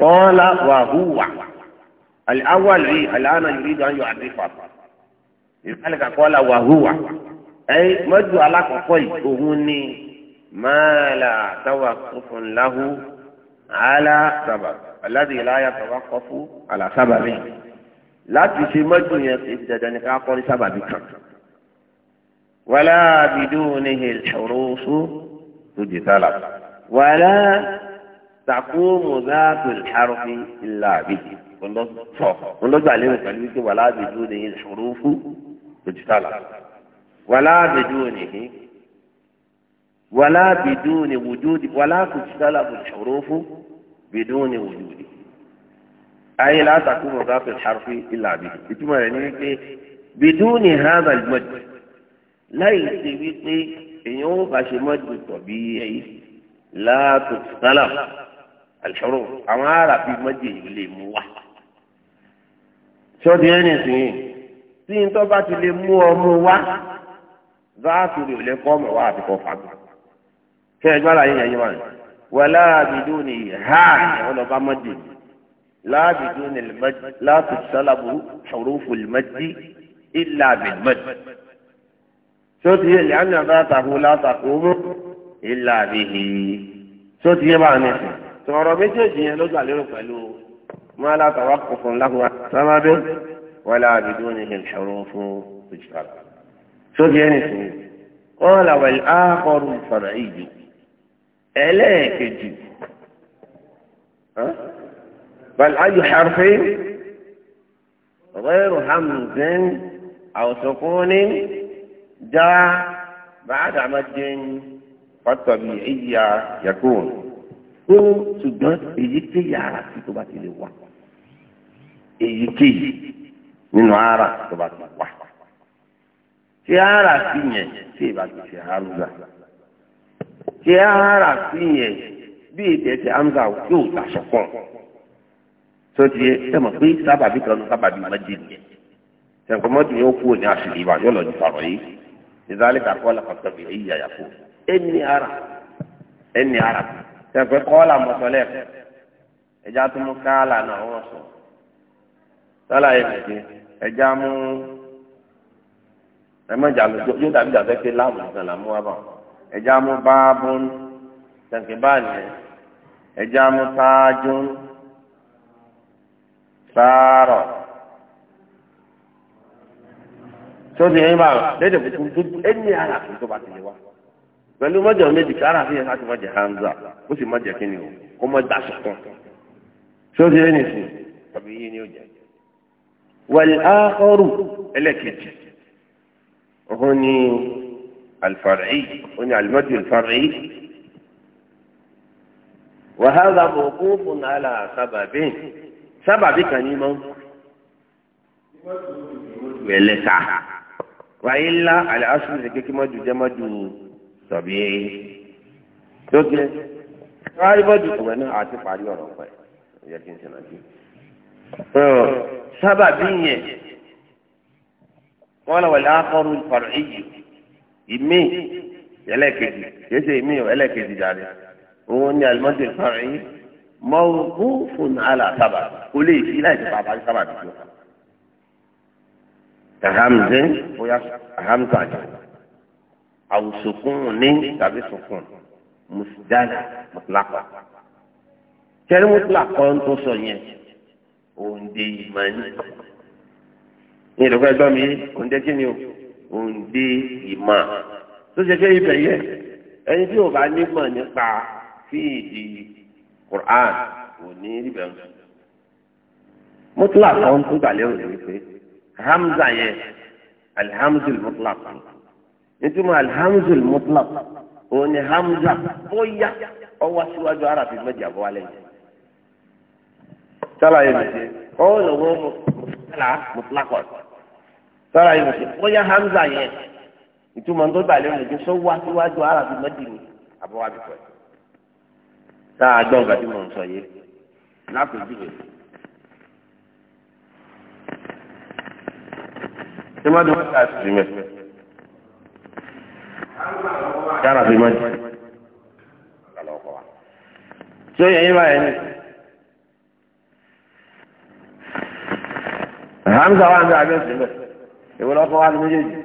[SPEAKER 1] قال وهو الأول الآن يريد أن يعرفه لذلك قال وهو أي مجد على قصي أغني ما لا توقف له على سبب الذي لا يتوقف على سببه لا تسمجد يتجدني كأقول سببك ولا بدونه الحروف تجتلب ولا takumu zaatu alharfi illa bihi ọlọgbà lérò pẹ̀lú wípé wà láàbìjú ni ìṣòro fún ojútàlá wà láàbìjú ni hí wà láàbìjú ni wùjúdi wà láàbìjútàlá ìṣòro fún bìdú ni wùjúdi. ayé látàkùn mọ̀ zaatu alharfi illa bihi ìtumọ̀ rẹ̀ ni wípé bìdú ni hàn àlùmọ́jù láì ṣe wípé èèyàn ó bá ṣe mọ́jù tọ̀ bí èyí láàbìjútàlá àlùfọ́rọ̀ àwọn ará bíi májèlé lè mú wa. sọ́ọ́dì ẹni sìn tí n tọ́ bá ti lè mú ọmọ wa záàtù rè lẹ́kọ́ ọmọ wa àti kọ́ fagbọ́. kí ẹjọ́ ara yín yẹn wà ní. wàlá àbìdó ni ha ẹ̀wọ́n lọ bá láàbìdó ni láti sálábù ṣòrófò lìmájì ìlà àbìmájì. sọ́ọ́dì ẹni àná bá tàkó látàkó mú ìlà àbìhì. sọ́ọ́dì ẹ bá ní sìn tọ̀rọ̀ méjèèjì yẹn ló gbà lérò pẹ̀lú máa látàwá kọ̀ọ̀kan láhùwà sábàbí wàlá àbìdó ni ìṣòro fún òjìká sókè ẹni sùn wọn làwọn àkọrù fọ̀rọ̀ ìjù ẹlẹ́ẹ̀kejì bàlẹ́ ayò xarfin غير همز أو سكون جاء بعد مد والطبيعية يكون ó ṣùgbọ́n èyíkéyìí ara sí tó bá ti lè wà èyíkéyìí nínú ara tó bá ti wà ṣé ara sí yẹn ṣé ìbá ti ṣe hamza ṣé ara sí yẹn bí èdè ẹsẹ hamza yóò daṣọ pọ̀ tó ti yẹ ẹ mọ̀ pé sábàbí kan ní sábàbí máa jẹ nìyẹn sẹ̀kọ́ mọ́tò yóò kúrò ní àṣìlì ìbá yóò lọ ní sọ̀rọ̀ yìí ìdálẹ́kà kọ́ ọ́ lọ́kọ̀ọ́kọ́ bìí ẹ̀yìn àyàfó ẹni ara ẹni ara sẹpẹ kọọla mọsọlẹ ẹjẹ atúmú káàlà náà wọn sọ
[SPEAKER 2] sọlá yẹn nìké
[SPEAKER 1] ẹjẹ amú ẹmọjà lójó yóò dàbí dàbẹ pé láàmù nìkan là mú wa bá ẹjẹ amú báábún sẹǹkì báàlì yẹn ẹjẹ amú sáájún sáárọ sóde yẹn bá lédè kúkú ẹni àlàfo tó bá ti lè wá pẹ̀lú mọ́jọ méjì kára fi hàn láti mọ́jẹ hamza ó sì mọ́jẹ kí ni o kó mọ́ gbà sọ̀tàn tí ó ti rí nìsí tàbí yé ni ó jẹ. wàlẹ̀ ahọ́rù ẹlẹ́kẹ̀jì òhun ni alfar'i òhun ni alimọ́tì alfar'i wàhálà mọ̀kú fún àlà sábàbí sábàbí kan ní mọ́ wẹ̀lẹ̀ ta wàyí ńlá kékeré mọ́jú jẹ́ mọ́jú tàbí tó jẹ rárí bọ́ọ̀dù kùmẹ̀ náà àti parí ọ̀rọ̀ pẹ̀ yẹ kí n ṣe nàbí. sábà bí yẹn wọn lọ wọlé akọrù ìfọ̀rọ̀ ìyì ìmí ẹlẹ́kejì kìí ṣe ìmí ẹlẹ́kejì dàrí òun ni alimọ́tò ìfọ̀rọ̀ yìí mawqufun ala sábà kò lè fi láìsí bàbá sábà dùn. Ahamze bóyá ahamze àjọ àwùsùnkún ní tàbí sùnkún mùsùlùmí mùtìlákà tẹ́lẹ̀ mùtìlákà ń tó sọ yẹn òǹdè ìmọ̀ni ní ìdókòwò ẹgbẹ́ mi òǹdè kí ni o òǹdè ìmọ̀ tó ṣe pé ibẹ̀ yẹ ẹni tí o bá nímọ̀ nípa fíìdì Qur'an kò ní ibẹ̀ ń sùn mùtìlákà tó gbàlẹ́ òní wípé hamza yẹn alihamdulilayi mùtìlákà nítumọ̀ alhamdul mutlaq òun ni hamza bóyá ọwọ́ aṣíwájú arabi mẹ́jọ àbọ̀ alẹ́ yìí. sálàyé mi ṣe ọwọ́ lọ́wọ́ mọ̀tàlá mutlaqọ̀ sálàyé mi ṣe bóyá hamza yẹn ìtumọ̀ tó gbà lẹ́nu ìjọ sọ́wọ́ aṣíwájú arabi mẹ́jọ ni àbọ̀ wa bì pẹ̀. tá a gbọ́ nǹkan tí mo ń sọ yé lápèjúwe. ṣé má dùn ká sí yàrá fi mọ́ tí ó yẹ yín báyìí ni. hamza wa ń bẹ abẹ́ sílẹ̀ èwo lọ́kọ́ wa ni méjèèjì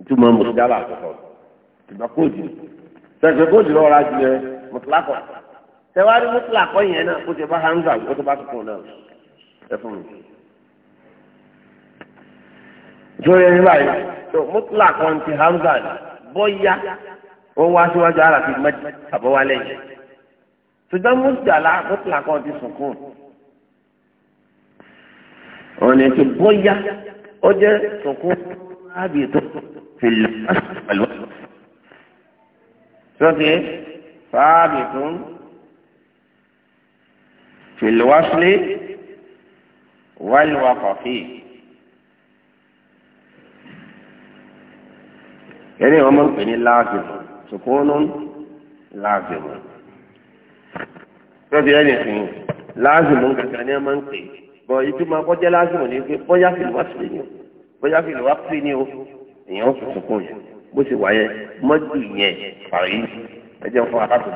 [SPEAKER 1] ìtumọ̀ mùsùlùmí àkọ́kọ́ ìgbà kóòdù sẹ̀sẹ̀ kóòdù lọ́wọ́ la ju ẹ mùsùlùmí tẹwárí mùsùlùmí àkọ́ yẹn náà kó tẹ bá hamza kó tẹ bá tuntun náà ẹ fún mi sórí ẹni báyìí tó mutla kan ti hamza ni bọ́yá ó wá síwájú ara fi mẹ́jì àbọ̀wálẹ̀ yìí ṣùgbọ́n mutala mutla kan ti sùnkún ọ̀nà ètò bọ́yá ó jẹ́ sùnkún ábì tó fìlà pẹ̀lú. sọ́tì fàábì tó ń fìlà wáṣílẹ̀ wáyé wà kọ̀ọ̀fì. ẹni wọn máa ń pè ní láàbìmù sùkúnú láàbìmù tó ti ẹni sìn láàbìmù kankan ni wọn máa ń pè bọ ìtumọ̀ kọjá láàbìmù ni pé bóyá fìlú wá sí ni o bóyá fìlú wá sí ni o èèyàn sùn sùkún yẹn bó ṣe wáyé mọ́jú yẹn parí ẹjẹ fún aláàbò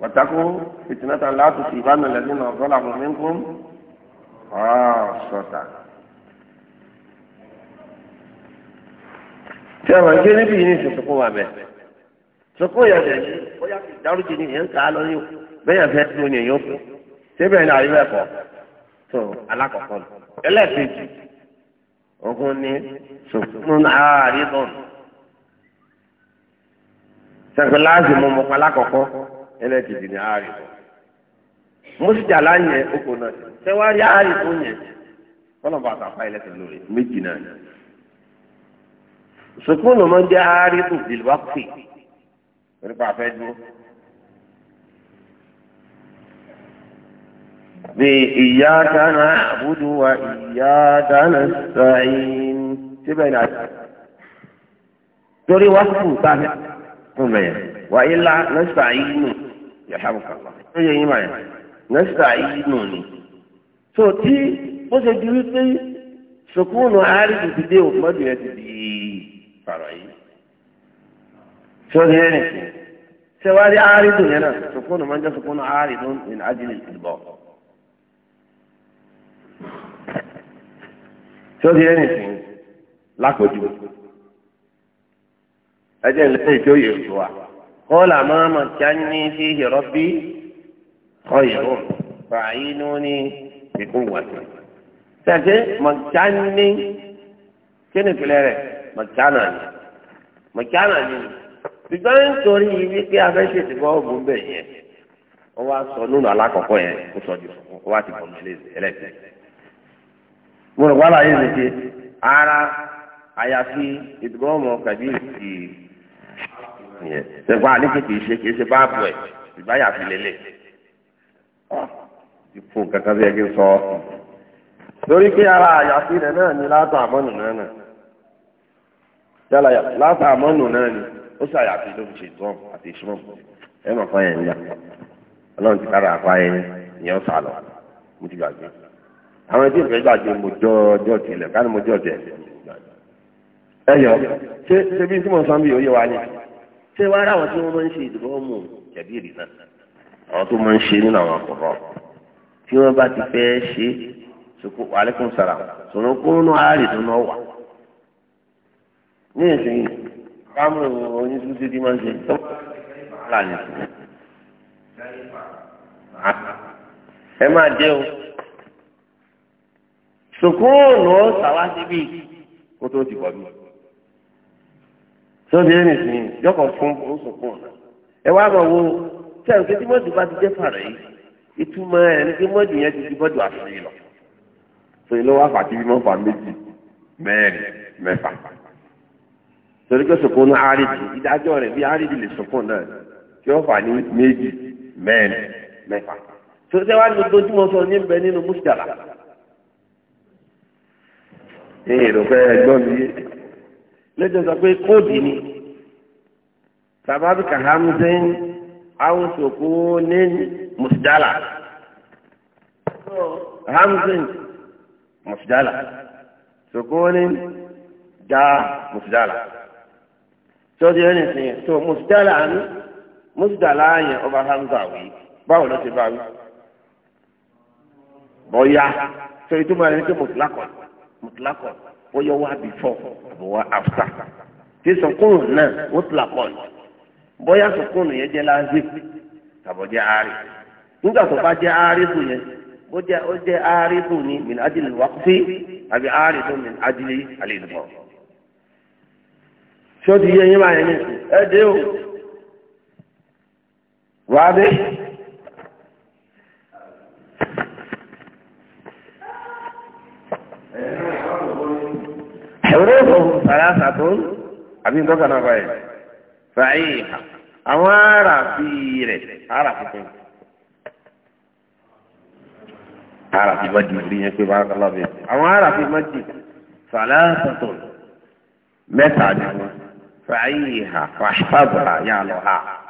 [SPEAKER 1] wàtàkù fìtìmẹ́ta láti fi ìbánu lẹ́nu náà dọ́là mọ́mí ń kún ọ̀ọ́ sọ̀tà. tí a máa ń yìí ní ìsìnkú wa bẹ́ẹ̀ sọkún ìyàtọ̀ yìí bóyá kì í dárúkì ní ká lọ yóò fẹ́ fún síbẹ̀ ní tó alákọ̀ọ́kọ́ lọ. ẹlẹ́ẹ̀kejì ni mú alákọ̀ọ́kọ́ ẹlẹ́ẹ̀kejì oko náà sẹ́wárí sukùnù máa ń jẹ́ àárín ìdìlúwàpè nípa àfẹ́ dúró. bí iyyaka na'budu wa iyyaka nasta'in síbẹ̀ ní àjẹ́. torí wákùú táyà fún mẹ́yẹ̀ wà ilá nasta'inu yàtàbùkà ó yẹ yín báyà nasta'inu ni. tó tí ó ṣe di wípé sukùnù àárín ìdìlé òpómọ́dù yẹn ti di pààrọ̀ yìí tí ó di ẹni sí ṣé wàá rí áárídù yẹn náà sùkúnù máa ń jẹ́ sùkúnù áárídù ní ajílì ìbọ̀ tí ó di ẹni sí lápòjù ẹjẹ lẹ́yìn tí ó yẹ òṣù wa kọ́lá máa ma kí á ní sí ìrọ́ bí ọ̀yẹ̀wò fàáyí ní ó ní ìkún wàtí. Ṣé àti mọ̀kí á ní kí ni ìpìlẹ̀ rẹ̀? mọ̀kánà ni mọ̀kánà ni ṣùgbọ́n nítorí wípé abẹ́ṣètì bọ́ọ̀bù ń bẹ̀ yẹn wọ́n wá sọ nínú alákọ̀ọ́kọ́ yẹn sọ wọ́n wá ti bọ̀ ẹlẹ́sìn. mo rò wá láyé mi ara àyàfi ìdúgbò ọmọ kàbí ìsì ṣe yálà yà látà àmọ́nù náà ni ó ṣàyàfi ló fi ṣe tán àti ìṣúná ẹ mọ̀ fún ẹ̀yìn yá ọlọ́run ti kára àpá ẹ̀yìn ìyẹn ó sà lọ mo ti gbàgbé àwọn ẹbí ìfẹ́ gbàgbé mo jọ ọjọ́ tilẹ̀ ká ní mo jọ ọjọ́ ẹ̀ ẹ yọ ṣé ṣé bí tí mo sọ bí òye wa ni ṣé wàá ráwọn tí wọ́n máa ń ṣe ìdìbò ọmọ ìjẹ̀bí ìrì náà àwọn tó máa ń ṣe nínú àwọn àkọ́kọ́ tí wọ́n bá ti fẹ́ ṣe sọ́kò alẹ́kùn sàrà sọ̀rọ̀ kúrúnú àárẹ̀ tó náà wà ní ìsìn kámúrò oníṣú tí ti máa ń ṣe tó wà ní ìsìn. ẹ máa dé o sùkúrùnù ó sàwá síbí kó tó ti pọ̀ bí. sọ́dí ẹni sìn yọkọ̀ fún sùkúrùnù ẹ wá máa wo tí àwọn kejì mọ́tò bá ti jẹ́ fàrẹ̀ yìí ìtumọ̀ ẹ̀ ní kí mọ́tò yẹn ti di bọ́dọ̀ àfihàn sọ yìí ló fàtí bí mọ́fà méjì mẹ́rin mẹ́fà torí pé sòkónú àrídì ìdájọ́ rẹ̀ bí àrídì lè sòkónú náà tí ó fà ní méjì mẹ́rin mẹ́fà tó ṣe wá ní gbogbo tí mo sọ ní bẹ nínú mùsùlùmí.
[SPEAKER 2] ní ìròpẹ́ ẹgbọ́n mi
[SPEAKER 1] lẹ́jọ́ sọ pé kóòdì ni sàbábìkà hamzin àwọn sòkónú mùsùlùmí. hamzin mùsùlùmí sòkónú já mùsùlùmí sọ́dí ẹni sìn yẹn tó mùsùlùmí àánú mùsùlùmí àyàn ọba hamza wí báwo ló ti bá wí. bọ́yá sọ ìtumọ̀ ẹni tó mùsùlùmí mùsùlùmí bọ́yá wá before àbọ̀ wá after tí sọkúnù náà mùsùlùmí bọ́yá sọkúnù yẹn jẹ́ láàzí tàbọ̀ jẹ́ àárẹ̀ nígbà tó bá jẹ́ àárẹ̀ fún yẹn bó àárẹ̀ fún ni min adìlẹ̀ wákùfẹ́ àbí àárẹ̀ fún min adìlẹ̀ àlejò tí ó ti yé yín báyìí nìsí ẹ dé o wàá dé. حروفهم ثلاثة أبين دوكا نغاية صحيحة أما عرفيرة عرفيرة عرفي مجد لي يكي بارك الله فيك أما عرفي مجد ثلاثة متى جمع فعيها واحفظها يا لها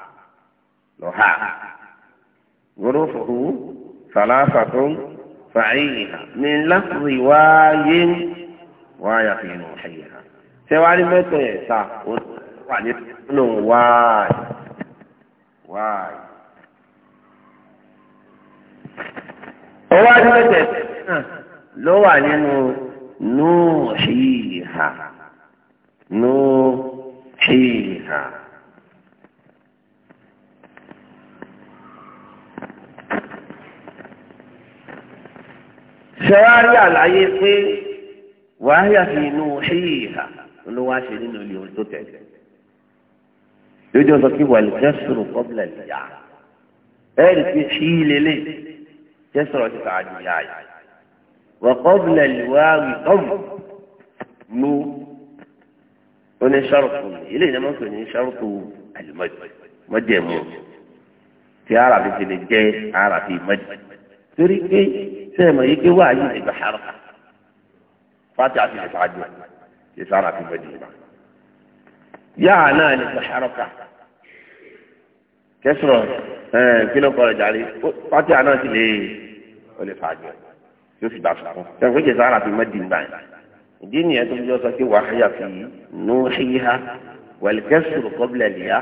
[SPEAKER 1] لها ظروفه ثلاثة فعيها من لفظ واي واي في نوحيها سواري متو يسا واي واي واي متو لو علينا نوحيها نوحيها فيها ṣẹ́wárí àlàyé pé wàhálà fi inú ṣíyà ló wá ṣe nínú ilé orí tó tẹ̀lé lójú ọ̀sán kí wà lẹ́sùrù kọ́bílà ìyá ẹ̀rí pé ṣíyí lélẹ̀ jẹ́sọ̀rọ̀ ti fàájú yáyà wà kọ́bílà ìwáwí tọ́mù ló ó ní sọ́rùkù ilé ìnáwó tó ní sọ́rùkù àlùmọ́jì mọ́jẹ̀mú tí ara fi lè jẹ́ ara fi mọ́jì torí pé sẹ́ẹ̀mọ̀ yìí pé wáá yìí nígbà hàrùkà fati àti ìfàdù ìsà ara fi mọ́jì nígbà yáà náà nígbà hàrùkà kẹsùrọ̀ ẹ̀ kílọ̀ kọ́lẹ̀ jàre fati àná sì lè ó lè yóò sì bá fún un sẹ́ẹ̀mọ̀ yìí pé sàrà fi mọ́jì nígbà yìí ìdí nìyẹn tó ń jọ sọ pé wàhálà fi nùhíhá wàlìkẹ́sùrù kọ́bílẹ̀ lìyá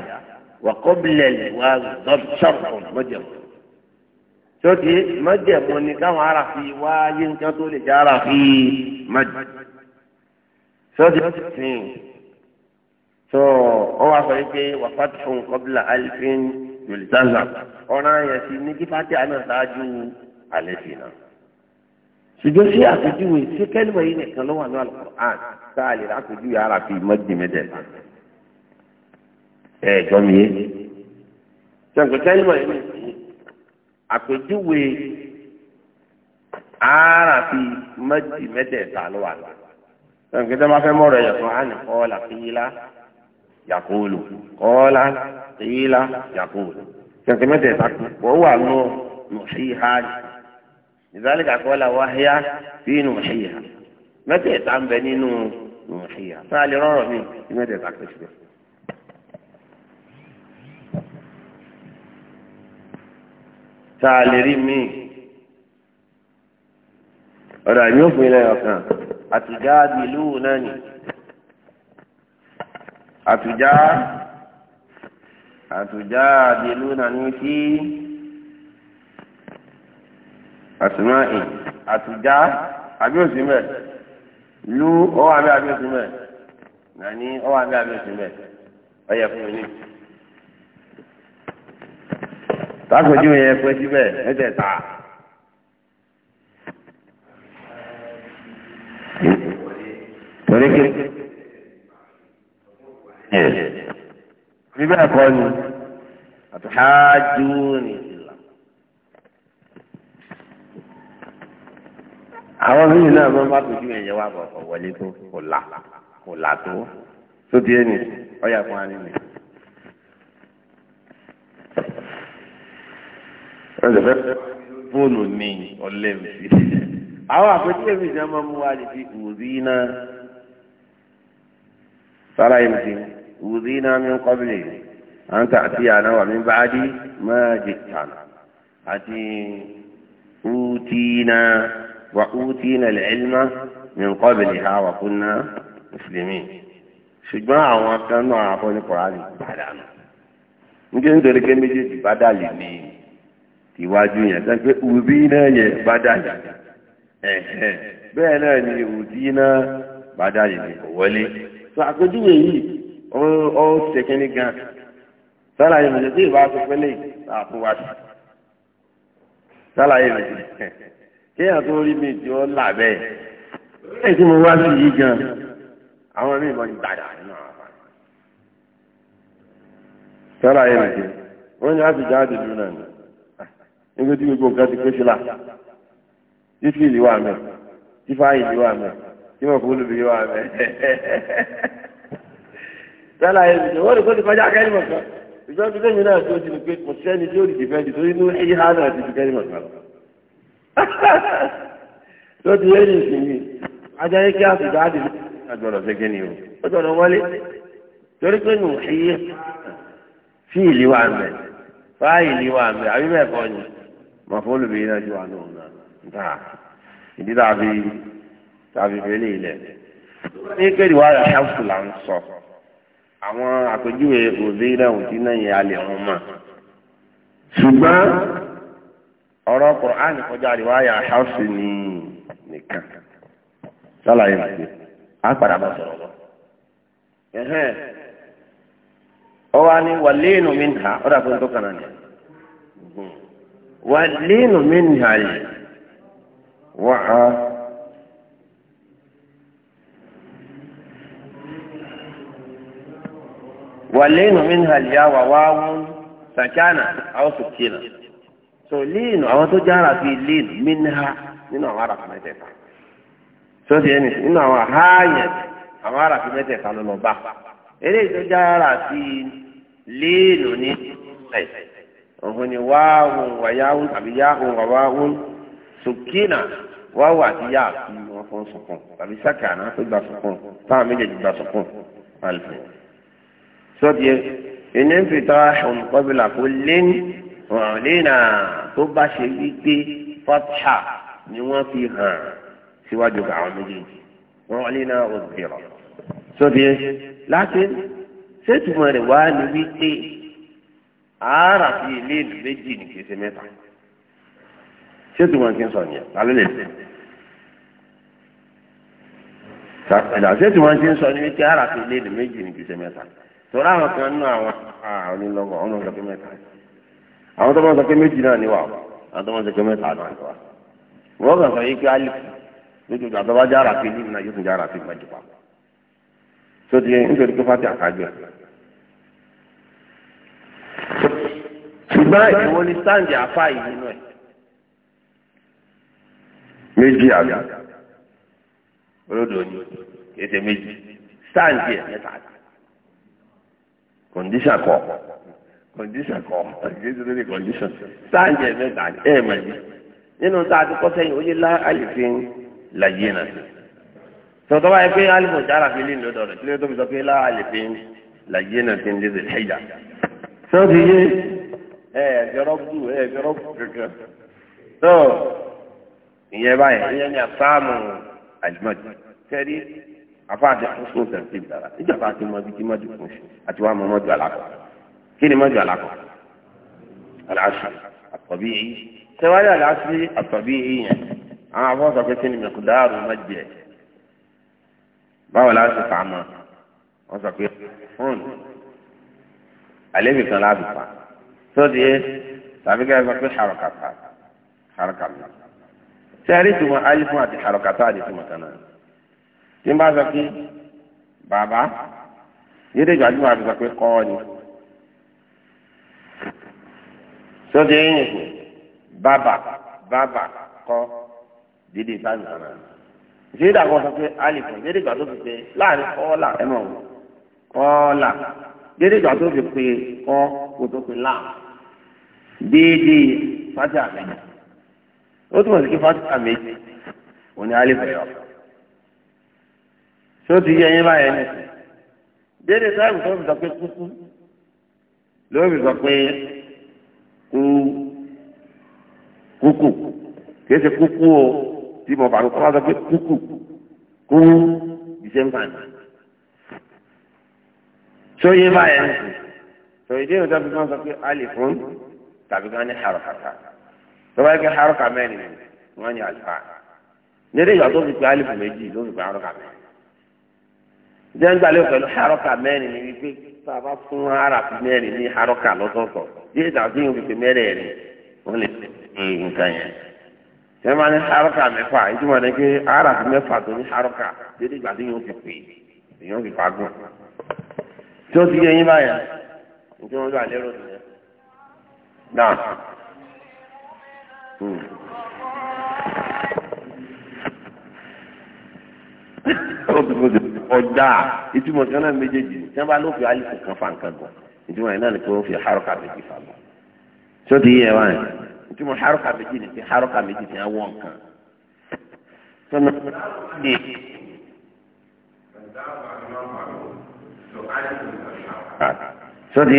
[SPEAKER 1] wà kọ́bílẹ̀ wà dọ́sọ̀rọ̀ mọ́jẹ̀mú. sọ́tì mọ́jẹ̀mú ni káwọn ara fi wáyé nǹkan tó lè jẹ́ ara fi mọ́jẹ̀. sọ́tì sìn tó ọ wá sọ pé wà fàtìfún kọ́bílẹ̀ alifin yorùbá ọ̀ràn yẹn ti ní kí fàtìyà náà ṣáájú alẹ́ sí ṣùgbọ́n sí àpèjúwe ṣé kẹ́lìmọ̀ yìí nìkan ló wà ní alukur'an tá a lè rápèjúwe ara fi mọ́jì mẹ́tẹ̀ẹ̀ta ẹ̀ jọ mi yé ṣàǹkó kẹ́lìmọ̀ yìí nìkan àpèjúwe ara fi mọ́jì mẹ́tẹ̀ẹ̀ta ló wà ní ṣàǹkó tẹ́ máa fẹ́ mọ̀rọ̀ yẹ̀kọ́ á ní kọ́ọ̀lá fìyílá yàkóòlù kọ́ọ̀lá fìyílá yàkóòlù ṣàǹkó mẹ́tẹ̀ẹ̀ta kò wà nù nù sí ìhárì. لذلك أقول وهي في نوحيها متى تعم بني
[SPEAKER 2] نوحيها فعلي رارة مين
[SPEAKER 1] متى تعكتش به تعالي ريم مين ọ̀rọ̀ àmì òfin ilẹ̀ ọ̀kan àtìjá ìlú náà ni àtìjá àtìjá ìlú náà ni tí. àtìmáì àtìjá àbíòsímẹ̀ lú ọwọ́ àbí àbíòsímẹ̀ nàní ọwọ́ àbí àbíòsímẹ̀ ọyẹ fún mi ní. tákòjú yẹn pé síbẹ̀ mẹ́tẹ̀ẹ̀ta. àwọn míì náà máa ń bá tójú ẹ̀yẹ wà bọ̀ kọ̀ wọlé tó kò là kò là tó tó di ẹni ọ̀yà fún wa nínú. fóònù ni ọ̀lẹ́ mi sí. àwọn àpótí èmi ìjà máa ń mú wa ní ti òrí náà sára yìí ti òrí náà mi ń kọ́ bìlẹ̀ à ń tà sí àná wà mí bá dí máa jẹ tàn àti òtí náà. وأوتينا العلم من قبلها وكنا مسلمين ṣùgbọ́n àwọn kan náà àfọ́ ní kọ̀rálì pàdánù nígbà nítorí pé méjèèjì bá dàlì ní ìwájú yẹn tán pé òbí náà yẹ bá dàlì ẹ̀hẹ̀ bẹ́ẹ̀ náà ni òbí náà bá dàlì ní ìwọlé tó àpèjúwe yìí ó ṣèkínní gan sára yẹn mọ̀jẹ̀ tí ìbá tó pẹ́lẹ́ àfọwọ́sí sára yẹn mọ̀jẹ̀ kéèyàn tó rí mi tí wọ́n là bẹ́ẹ̀ lẹ́yìn tí mo wá sí yìí gan àwọn míì máa ń gbàdà nínú àwọn àbá sọ́ra yẹn nìkan wọ́n ní láti jáde dùn náà ni nígbà tí gbogbo nǹkan ti pèsè là títí ìlú wa mẹ́ tífà ìlú wa mẹ́ tí mo kú olùbí wa mẹ́ sọ́ra yẹn nìkan wọ́n ní kó ti kọjá kẹ́rì mọ̀kan ìjọba tí sẹ́yìn náà tó ti ní pé kò sẹ́ni tí ó di dìfẹ́ǹdì torí inú ẹ̀yìn hánà ti di kẹ́rì mọ̀kan lọ tó ti yé ní ìsinmi ajá yẹ kí a sì dáàdì ní àgbọ̀dọ̀ gẹ́gẹ́ ni o ó gbọ́dọ̀ wọlé torí pé nù sí sí ìlú wa mẹ́
[SPEAKER 2] báyìí ìlú wa mẹ́ àbí bẹ́ẹ̀ kọ́ ni
[SPEAKER 1] mà fún olùbẹ̀yìn náà ju àánú ọ̀nà nta ìdí tàbí tàbí fẹ́lẹ́ ilẹ̀ ní kéde wàhálà ṣáàpù là ń sọ àwọn àpèjúwe òbí náà ò ti náà yẹ alẹ́ wọn mọ̀ ṣùgbọ́n ọ̀rọ̀ kùránì kọjá àríwáyà ṣáàṣì ní nìkan sálàyé màdé á padà bá sọ̀rọ̀ lọ. ọ wá ní wàléènù mi nìha ọ dà fún tó kànáà ni wàléènù mi nìha yìí wà á. wàléènù mi nìha yìí wà wáwú sàkánà àwọn sùkìnà so líìnù àwọn tó jára fi líìnù mínà nínú àwọn àràfà mẹ́tẹ̀ẹ̀ta so ti ẹni nínú àwọn àháyàn àwọn àràfà mẹ́tẹ̀ẹ̀ta ló lọ bá eléyìí tó jára fi líìnù ní ẹ̀ òhun ni wáhùn wàyáhùn tàbí yáhùn wàwáhùn sùkínà wáhùn àti yáàfin wọn fún sùkún tàbí sàkànà tó gba sùkún táwọn méjèèjì gba sùkún alùpùpù so ti ẹni ń fi tọ́ àṣùn kọ́bìlà ọ̀lẹ́nà tó bá ṣe wípé fọ́tíṣà ni wọ́n fi hàn síwájú àwọn méjèèjì ọ̀lẹ́nà òbírọ̀ sóbi láti ṣètùmọ̀ rẹ̀ wá ní wípé àárà sí ilé ìlú méjì ní kìí ṣe mẹ́ta ṣètùmọ̀ kí n sọ yẹn lálẹ́ lè ṣe ṣe tí wọ́n sọ ní wípé ara fi léde méjì ní kìí mẹ́ta torí àwọn kan nínú àwọn onílọ́gbọ̀n ọ̀nà ìjọba àwọn tó máa sọ pé méjì náà níwà àwọn tó máa sọ pé mẹ́ta náà níwà wọ́n kàn sọ yìí pé alifu lójoojú àtọ́wá já ara fi nínú yóò tún já ara fi mẹ́jọ pa tó ti nítorí pé fati àkájọ ẹ̀. ṣùgbọ́n ìwọ ni sáǹdì àfa yìí nínú ẹ̀ méjì àbí olódò ni ètè méjì sáǹdì ẹ̀ mẹ́ta kọ̀ǹdíṣà kọ̀ọ̀kan condition kan àgbéjì lórí condition sáàjì ẹ̀mẹ́ta ẹ̀ mẹ́jì nínú tá a ti kọ́ sẹ́yìn ó yé lá àlìfín làyé náà tọ́tọ́ báyìí pé alimu jara fi lílo dọ̀rọ̀ tí ló tóbi sọ pé lá àlìfín làyé náà ti ń lé ṣèjà sọ́ọ̀tì yé ẹ̀ ẹ̀fẹ́rọ́ bù ẹ̀ ẹ̀fẹ́rọ́ bù kankan tó ìyẹn báyìí ìyẹn ni àtàmù àlìmọ́jì kẹ́rí afáàdé fún fún sẹ́ńtì dára ìjọba àti mọ́jú kí mọ́jú fún ṣe àti wàá mọ́ mọ́jú àlàkọ́ kí ni mọ́jọ alákọ̀ aláṣà àtọ̀bí yìí tẹ́wáyé aláṣà àtọ̀bí yìí yẹn àwọn afọ́sọ pé kí ni mẹ̀kúdáàrú mẹ́jẹ báwo láti fà á mọ́ wọ́n sọ pé fún àlébi kan láti fà á tó di yé tàbí ká ẹ sọ pé harakata harakata tí a rí tuma alifu àti harakata àti tuma kan náà tí n bá sọ pé bàbá yéé dèjọ́ àdúgbò àti sọ pé kọ́ ni. sọdí ẹyìn ìsìn bàbà bàbà kọ dídì bá nàrà ìṣèlú dàgbọn sọ pé alìkùn dédé ìgbà tó fi pé láàrin kọ́ọ̀là ẹ mọ̀ kọ́ọ̀là dédé ìgbà tó fi pé kọ́ kó tó pé láà dédé fati àmì ó túmọ̀ sí kí fati àmì òní alìkùn yọ sọdí ẹyìn báyẹn nìsín dédé sáyẹn tó fi sọ pé kúkú ló fi sọ pé kúkú kìí ṣe kúkú o tí mo bá lọ́wọ́ sọ pé kúkú kú dìsẹ́mbà ni. sóyè báyẹn sòyìn dínà tàbí kan sọ pé alifun tàbí kan ní harukata tọ́wọ́ yẹ kí haruka mẹ́rin wọ́n ní alifa nílẹ̀ ìyàtọ̀ fi pé alifu méjì ló fi pé haruka mẹ́rin. ìjọba gbalẹ̀ pẹ̀lú mẹ́rin ni wípé tá a bá fún harafi mẹ́rin ní haraka lọ́sọ̀ọ̀sọ̀ díẹ̀ tàbí yóò wípé mẹ́rin rìn wọ́n lè ṣe nǹkan yẹn. ní haraka mẹ́fà ní pé mẹ́fà tó ní haraka dédé ìgbà tí yóò fi pè é yóò fi fagùn. tí ó ti yín báyà ó ti fò ọjà ìtumọ̀ kan náà méjèèjì ní sábà ló fi alifu kan fa nǹkan gan ìtumọ̀ yẹn náà ni pé ó fi haruka méjì fa lọ
[SPEAKER 2] tó ti yẹ wáyé
[SPEAKER 1] ìtumọ̀ haruka méjì ni pé haruka méjì ti wọ́n kan tọ́nà ní. sọ́dí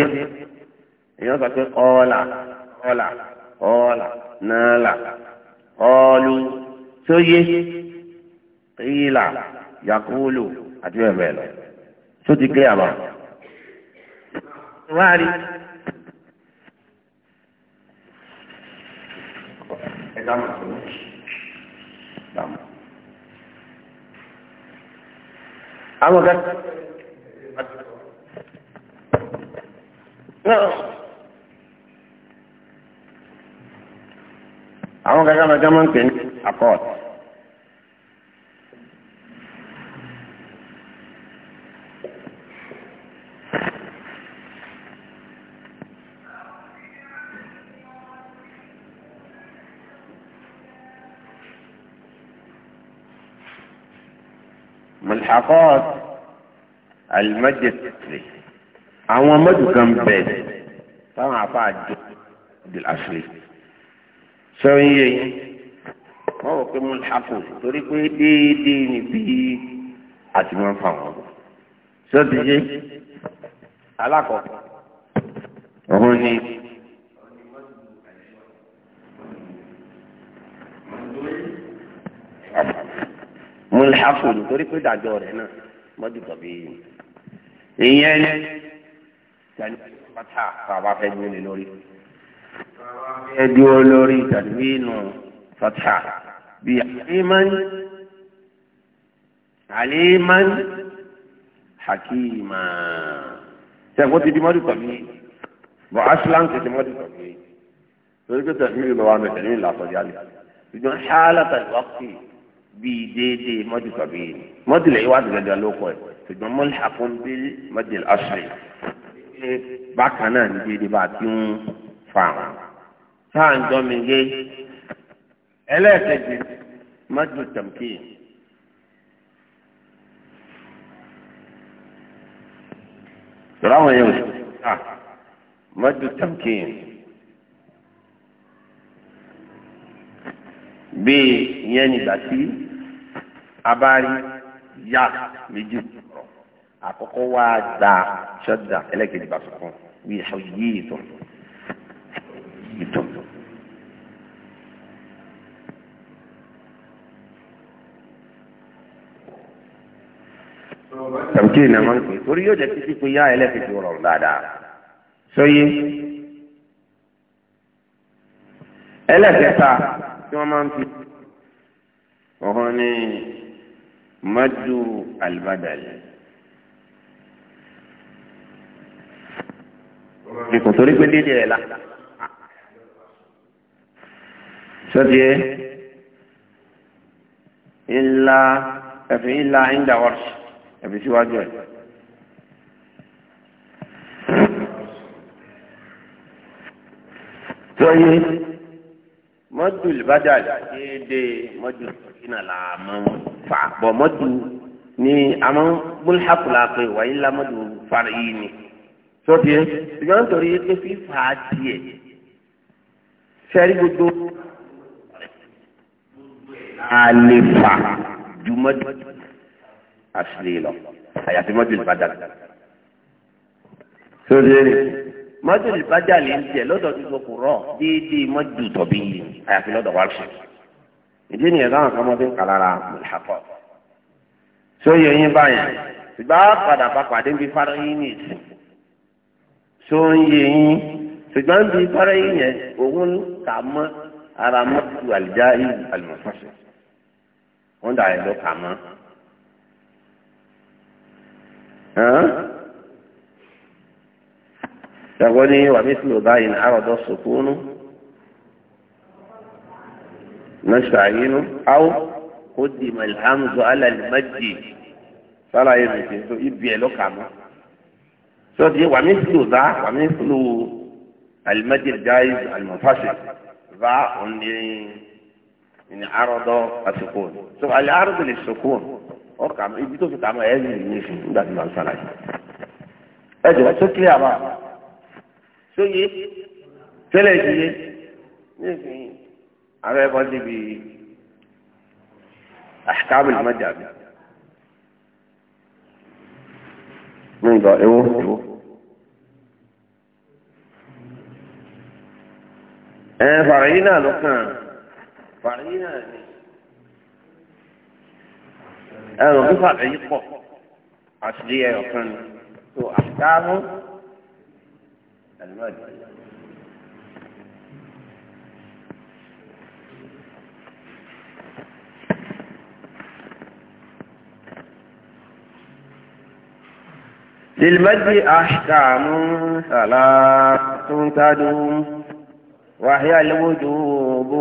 [SPEAKER 2] èèyàn sọ pé ọ̀ọ́là ọ̀ọ́là ọ̀ọ́là
[SPEAKER 1] náà là ọ̀ọ́lù sóyè ìlà yakúlù àti bẹ́ẹ̀ bẹ́ẹ̀ lọ tó ti kílẹ̀ àbá. wọ́n á rí. àwọn kan. àwọn kan kan máa ń pè ní akọ́ọ̀tù. almushaqat almajtri àwọn mọ́jù kan bẹ̀ táwọn afa àjọ ìdìl àṣírí sọ́yìn yẹn wọ́n wọ́n pé mulhaqu torí pé déédéé ni bí àti máa ń fa wọn bọ̀ sọ́dí yé alákọ̀ọ́kọ́ òun ni. الحفو نتوري كوي دعجور هنا ما دي طبيعين
[SPEAKER 2] إيا إيا
[SPEAKER 1] فتحة صعبة فيدوين لوري فيدوين لوري تدوين فتحة بيحيما عليما حكيما تقول دي ما دي طبيعين وأصلاً كده ما دي طبيعين فلقد تدوين لوامة تدوين لا صديالي بدون حالة الوقت bíi déédéé mọ́tì kọ̀bí yìí mọ́tì lè wá dùgbẹ́dẹ́ ló kọ́ ẹ̀ ṣùgbọ́n mọ́lì àkún bí mọ́tì ọ̀ṣẹ̀ ṣe bákan náà ní déédéé bá a ti ń fa àwọn. sáà ń jọ mi gé ẹlẹ́ẹ̀kejì mọ́tì tẹ̀mkì. sọ̀rọ̀ àwọn yẹn ò sí ká mọ́tì bíi ìyẹn nígbà tí abárí yá méjì rọ àkọ́kọ́ wá gba ṣọ́dà ẹlẹ́kẹ̀ẹ́dì bá sọ̀kan wí ẹ̀ṣọ́ yìí ìtọ̀ ìtọ̀. tàbí ìnà máa ń pè torí yóò jẹ́ kí pípé yá ẹlẹ́kẹ̀ẹ́dì rọrùn dáadáa sọyé ẹlẹ́kẹ̀ẹ́ta tí wọ́n máa ń fi مد البدل
[SPEAKER 2] kíkùn torí pé dédé rẹ̀ la
[SPEAKER 1] sọ́dí ẹ́ ilá ẹ̀fìn ilá ìndà wọ́ọ̀ṣì ẹ̀fìn síwájú ẹ̀ sọ́yé mọ́dùlù bá dà dédé mọ́dùlù fìtínà là máa ń fà bọ̀ mọ́tò ni àmọ́ múlíhàpù la pé wàyí lámọ́tò fara yìí ni sọ́tì ẹ̀ ṣùgbọ́n nítorí pé fífa tiẹ̀ sẹ́rí gbogbo àlefa ju mọ́tò àṣìlè lọ àyàfi mọ́tò ìbàdàn sọ́tì ẹ̀ mọ́tò ìbàdàn lè ń tiẹ̀ lọ́dọ̀ tó sọ kò rọ̀ déédéé mọ́tò tọ̀bí yìí àyàfi lọ́dọ̀ wàlúù ìdí nìyẹn táwọn kan mọ́ fi ń kà lára mùsàkọ́ tó yẹ yín báyẹn ìgbà padà bá pàdé bí fara yín ní ìsìn tó ń yẹ yín ṣùgbọ́n bí fara yín yẹn òun kà mọ́ ara mọ́tò àlìjá ìlú àlùmọ̀fọ́sẹ̀ wọ́n dà ẹ̀ lọ kà mọ́. ṣàgbọ́n ní wàmí báyìí ní àròdọ̀ sòkúnú nasta'inu aw qudima alhamdu ala almajdi sọ́la yẹn mi ti so ibi ẹ̀ ló kà mọ́ sọ́ọ̀tì wà mí sùlù dá wà mí sùlù alimajdi jaiz alimọ̀fàṣẹ dá òní ní arọ́dọ́ asukun so àlẹ́ arọ́dọ́ lè sukun ọ kà mọ́ ibi tó fi kà mọ́ ẹ̀ ẹ́ ní ìlú nígbà tí wọ́n sọ̀rọ̀ yìí ẹ jọ sókè àbá sóye tẹ́lẹ̀ yìí ní ìsìn àwọn ẹ̀kọ́ síbi àṣìkáàbù ìmọ̀jà bí. mi ń gbọ́ ewu ewu. ẹ fàrẹ̀ yìí náà ló kàn fàrẹ̀ yìí náà ni ẹ rò kí fàrẹ̀ yìí pọ̀ àṣìlẹ̀ ẹ̀yọ̀ kan ni. so àṣìkáàbù ìmọ̀jà. للمد أحكام ثلاث تدوم وهي الوجوب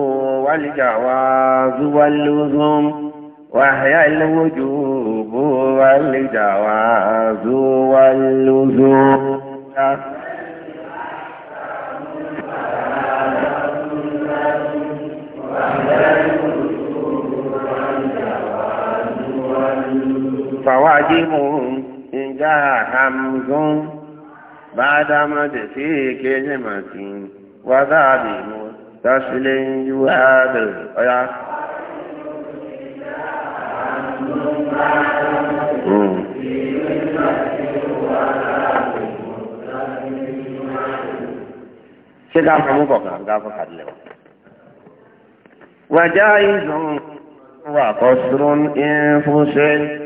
[SPEAKER 1] والجواز واللزوم وهي الوجوب والجواز واللزوم فواجب إذا حمز بعد مد في كلمة وذا بمتصل يهاد ويا ṣe ká fún kọ̀ọ̀kan àbí ká fún kàdílẹ̀ wọn. wàjá ìzùn wà kọ́sùrún ìfúnṣẹ́.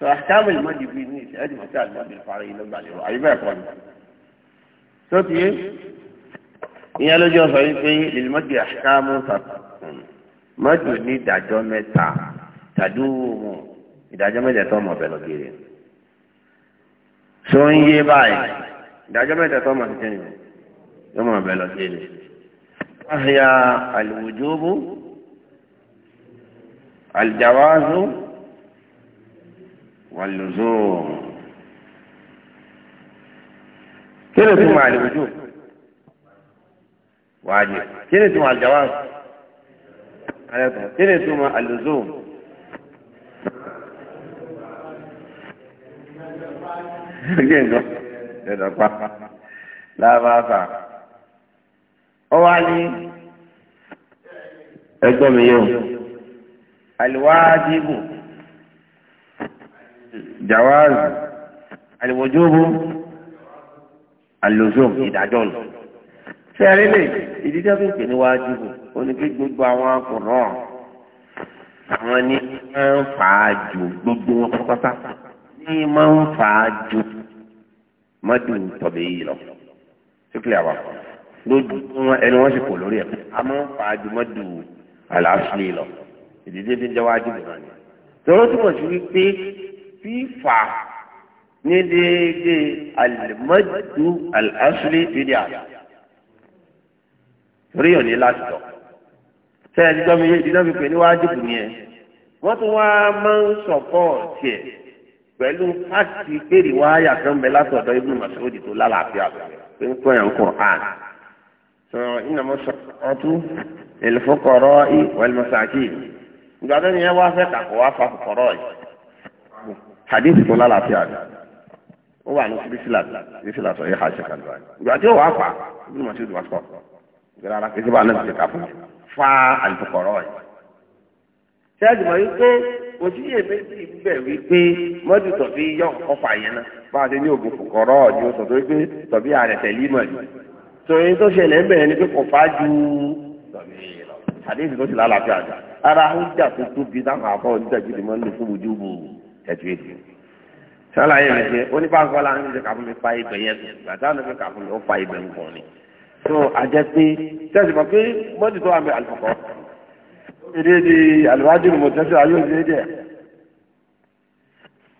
[SPEAKER 1] sọ̀rọ̀kámù ìmọ̀dì bíi ní ìṣẹ́ ẹ̀dì mọ̀tí àgbàdo ìparí ló gbà lérò àyíbẹ̀ ẹ̀kọ́ ni. tó ti yé ìyẹn lójú ọ̀sán yìí pé ìlúmọ̀dì àṣkámù mọ́tò ní ìdájọ́ mẹ́ta tàdúró ìdájọ́ mẹ́ta tó ọmọ ọ̀bẹ lọ kiri. sọ mẹ́ta tó ọmọ واللزوم كده ثم على الوجوب واجب كده ثم على الجواز كده ثم اللزوم لا بأس هو علي الواجب jawaz aliwojobo alozom ìdájọ́ nù ṣé ẹ rí lè ìdí tí a fi ń pè ní wájú o ní kí gbogbo àwọn akùnrán àwọn ní máa ń fà á ju gbogbo wọn pátápátá ní máa ń fà á ju mọ́dún tọ̀bẹ̀ yìí lọ síkìlì àwọn lójú ẹni wọn sì kò lórí ẹ a máa ń fà á ju mọ́dún àlàáfíà lọ ìdí tí a fi ń jẹ́ wájú nìkan ni tọ́lọ́tùmọ̀ sí wípé fífà ní déédéé alimọ́jú alásùlẹ̀ fídíà torí òní láti tọ̀ sẹ́yìn dídọ́ mi dídọ́ mi pè ní wájibù nìyẹn wọ́n tún wá máa ń sọ̀pọ̀ tiẹ̀ pẹ̀lú pàṣẹ ìpèrè wáyà kan bẹ látọ̀dọ̀ Ibn Mas'ud tó lálàáfíà pé ń kọ́ ẹ̀ ń kọ́ àn sọ ìnáwó sọ̀rọ̀ ọtún ìlúfọ́kọ̀rọ̀ wal masakin ìgbàdàn yẹn wá fẹ́ kàkọ́ wá fa kọ̀rọ̀ yìí hadith tó lálàáfíà rẹ̀ ó wà ní bísílà bísílà sọ yìí hàṣẹ kàdúrà ìgbà tí ó wà á fà ibi mọ̀ sí ìdùnnà sọ ìgbà rárá kí síbà náà ti kà fún fa àlùfọ̀kọ̀rọ̀ ẹ̀. sẹ́ẹ̀dì mọ̀ wípé kò sí iye méjì bẹ̀ wípé mọ́tò tọ̀bí yọ̀ ọ̀fà yẹn náà bá a ti ní ògùn fòkọ̀rọ̀ ni ó sọ tó wípé tọ̀bí ààrẹ tẹ̀lé mọ̀ ni. tòun tó ṣẹlẹ̀ ń bẹ̀rẹ̀ ni pé kò fà ju tọ̀bí lọ. àdéhùn tó ti lálàáfíà jà ara ó jà tó tóbi táwọn afọ onídàájú ti máa ń tajwid sálàyé mi ṣe oníbàkọ́lá ń ṣe kàfún mi fa ibẹ̀ yẹn gùn bàtà ló fi kàfún mi ó fa ibẹ̀ ń gùn ni. so àjẹ pé tẹ́sí mọ̀ pé mọ́tò tó wà mí àlùkò èdè di àlùwájú ni mo tẹ́sí ayé òṣèré díẹ̀.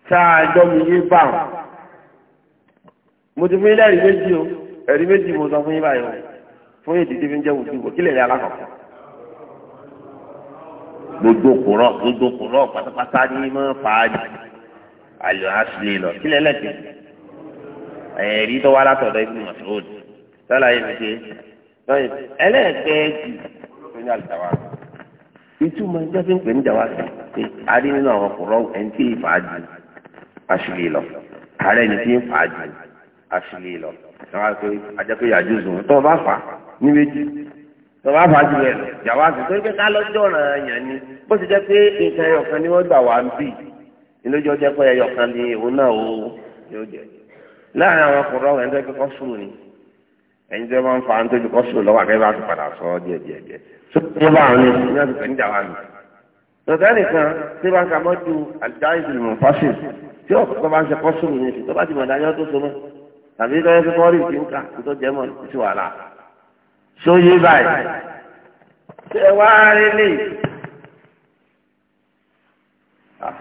[SPEAKER 1] tá a jọ mi yé bá wọn. mo ti fún yín lẹ́rìí méjì o ẹ̀rí méjì mo sọ fún yín báyìí o fún yín ìdíje fi ń jẹ́ wùdú ìbò kílẹ̀ ní alákọ̀ọ́kọ́ gbogbo kùrọ gbogbo kùrọ pátápátá ní mọ fàájì àlọ àṣìlè lọ sílẹ̀ lẹkẹ ẹ̀rí tó wá látọ̀dọ̀ ibi mọsòwòd sọlá yìí mi ṣe lọyìn ẹlẹẹkẹẹkì ló ní àlùjáwá ìtumọ̀ ẹjọ́ fi ń pè ní jàwá pé a rí nínú àwọn kùrọ ẹni tí ì fàájì àṣìlè lọ ààrẹ ni tí ń fàájì àṣìlè lọ àwọn àti ajẹ́pẹ́yà tó o bá fà ní méjì tọ́ba fàájú rẹ̀ jàwá sí torí pé ká lọ́jọ́ ọ̀ràn yẹn ni bó ti jẹ́ pé nǹkan ẹyọkan ni wọ́n gbà wá ń bì nílójó jẹ́ pé ẹyọkan ni òun náà ó yóò jẹ láàrin àwọn ọkùnrin ọ̀hún ẹni tó kọ́ sùn ni ẹni tó máa ń fa ẹni tó kọ́ sùn lọ́wọ́ akẹ́kọ̀ọ́ bá ti padà sọ ọ́ díẹ̀ díẹ̀ díẹ̀ tó tó bá àwọn ní ní ọ̀sẹ̀ ní jàwá ń ka kọ́ sùn ní ìsìn sóyè báyìí ṣe wá rí lè ah,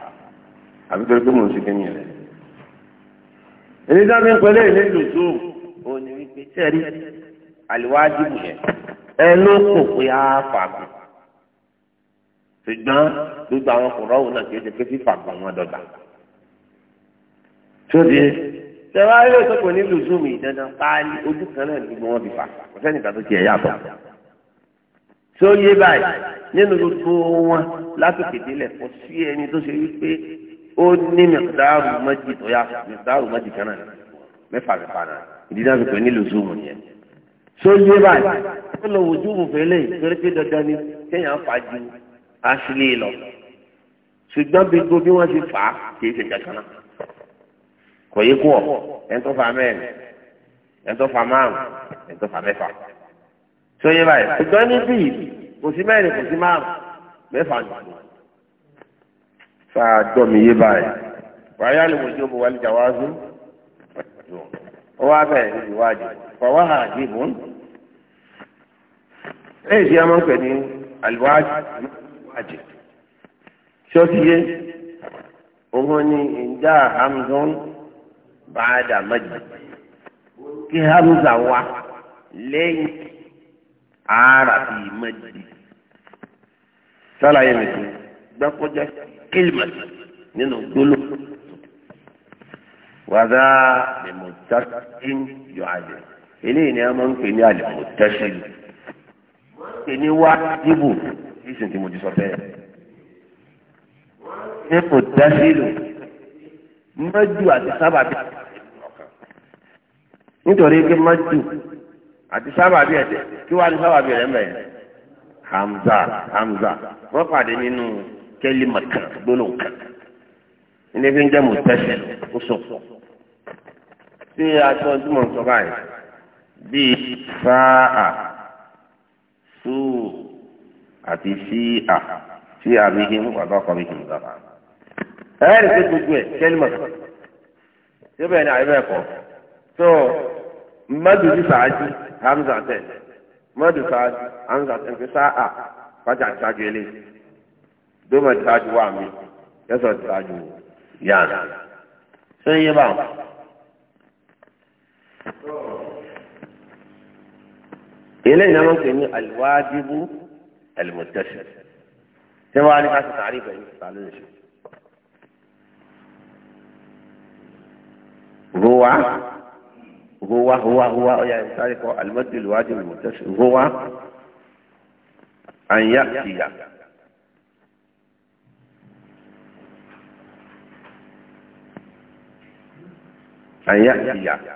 [SPEAKER 1] àbí torí pé mò ń ṣe kí ni rẹ èyí sábẹ́ ń pẹ́lẹ́ ìlú ìlòsù òní wípé sẹ́rí àlùwájú yẹn ẹ ló kò pé á fàgbọ́n ṣùgbọ́n gbogbo àwọn kòrọ́wò náà kì í ṣe pé fífàgbọ́n wọn dọ̀gbà tó di tẹ̀wá ilé tó kò ní lùzùm ìdandan páálí ojú kan náà ní wọn fi fà kò sẹ́ni kan tó tiẹ̀ yàtọ̀. tó yé báyìí nínú gbogbo wọn látòkè délẹ̀ kò sí ẹni tó ṣe wípé ó ní mẹ̀kúdárù mọ́jì tó yà mẹ̀kúdárù mọ́jì kan náà mẹ́fà mẹ́fà náà ìdí náà fi pè ní lùzùm tó yé báyìí ó lọ wojú mu fẹ́lẹ́ dandan ni kéèyàn fà ju aṣílẹ̀ lọ ṣùgbọ́n gbogbo bí wọ́n ṣe fà á kì í ṣe kankan náà kò kú ọ ẹni tó fa mẹ́rin ẹni márùn ẹni tó fa mẹ́fà báyìí ṣùgbọ́n níbí kò sí mẹ́rin kò sí márùn mẹ́fà ni fa gbọ́ yé báyìí wàyà lè wọ́n jó bó wà wáá zún ó wá bẹ̀rẹ̀ níbi wájú fọwọ́ hà dìbò ń
[SPEAKER 2] èyí tí a máa ń pè ní
[SPEAKER 1] àlùwájú wájú ṣọ́ọ́tì yé òun ni ìjà hamzon báàdà mọ́jì kí hamza wá lẹ́yìn ara fi mọ́jì sálàyé mi tó gbàkọjá kílìmọ̀tì nínú gbóló wàdà lèmọ̀tàkìn yọ àjẹ eléyìí ni a máa ń pè ní àlèmọ̀tàkìn pè ní wá níbù ìsìn tí mo sọ fẹ́ ẹ kò mọ́jú àti sábàbí nítorí pé mọ́jú àti sábàbí ẹ̀jẹ̀ kí wàá ní sábàbí rẹ̀ mẹ́rin hamza hamza wọ́n pàdé nínú kẹ́límà kan gbólóhùn kan ilé fi ń jẹ́ mọ̀tẹ́sẹ̀ ó sọ ṣé aṣọ tí mo ń sọ báyìí bíi sáà sùúrù àti síà síà bíi kí n wà bá kọ́ bíi kí n bá bá ẹ̀rí pé gbogbo ẹ̀ kẹ́límọ̀ síbẹ̀ ni àyẹ̀bẹ̀ kọ́ tó mọ́tò ti sàájì hamza tẹ̀ mọ́tò sàájì hamza tẹ̀ fi sáà fàjà sáájú ilé dómọ̀ ti sáájú wà mí yẹ́sọ̀ ti sáájú yára ṣé iye bá wọn. ilé ìnáwó pè ní aliwajibu alimutasi tí wọn á ní ká ti sàárì pẹ̀lú sàlẹ̀ nìṣẹ́. هو هو هو هو يعني تعرف المد الواجب المتصل هو أن يأتي أن يأتي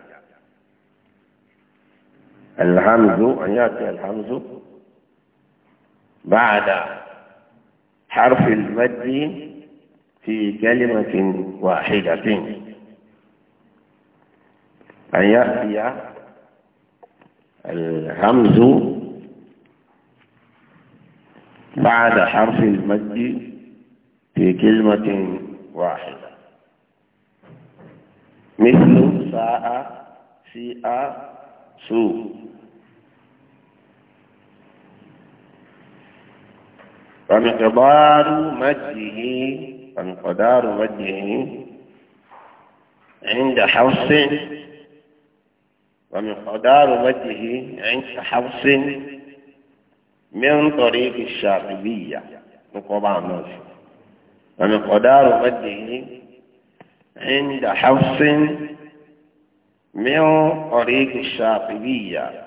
[SPEAKER 1] الهمز أن يأتي الهمز بعد حرف المد في كلمة واحدة أن يأتي الهمز بعد حرف المد في كلمة واحدة مثل ساء سيء سوء فمقدار مده فمقدار مده عند حرف ومقدار وجهه عند حفص من طريق الشاطبية نقطع الناس ومقدار وجهه عند حفص من طريق الشاطبية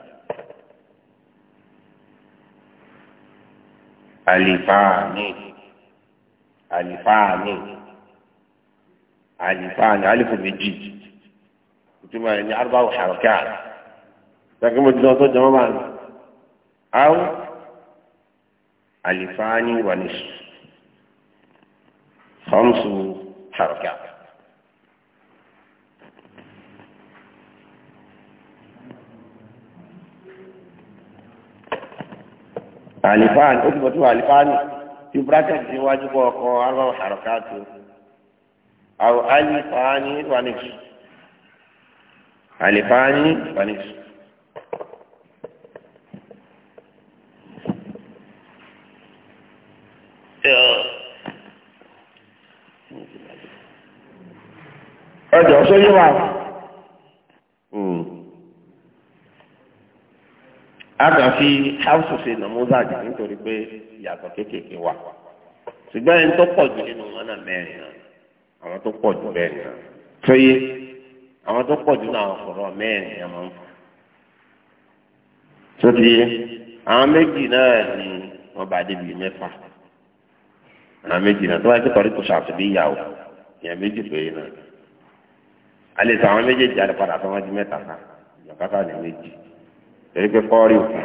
[SPEAKER 1] ألفان ألفان ألفان ألف بجيج ìtumọ̀ ẹ̀ ní arúgbó àwọn àròkè àrà sàkè mo ti lọ sọ jọmọ báyìí alifani àlìfáàní wà alifani sọmsù tó bracket ti wájú bọ̀ ọkọ̀ arúgbó àwọn àròkè àti àwọn alifani fanis ẹjọ sọyí wa hmm. a kàn fi hausu ṣe nàmúzàjà nítorí pé yàtọ̀ kéékèèké wà ṣùgbọ́n ẹni tó pọ̀ jù nínú wọn náà mẹ́rin náà àwọn tó pọ̀ jù bẹ́ẹ̀ náà sọyí àwọn tó pọ̀ jù náà fọ̀rọ̀ mẹ́rin yẹn máa ń fọ̀. sóbi àwọn méjì náà ni wọ́n bá débi mẹ́fà àwọn méjì náà tó bá ti kọ́rí kò ṣàfihàn ìyàwó ìyàn méjì péré náà alẹ́ sọ àwọn méjèèjì àdìpadà tó wọ́n di mẹ́ta ká ìyàkátà ní méjì torí pé kọ́ọ̀rì òkú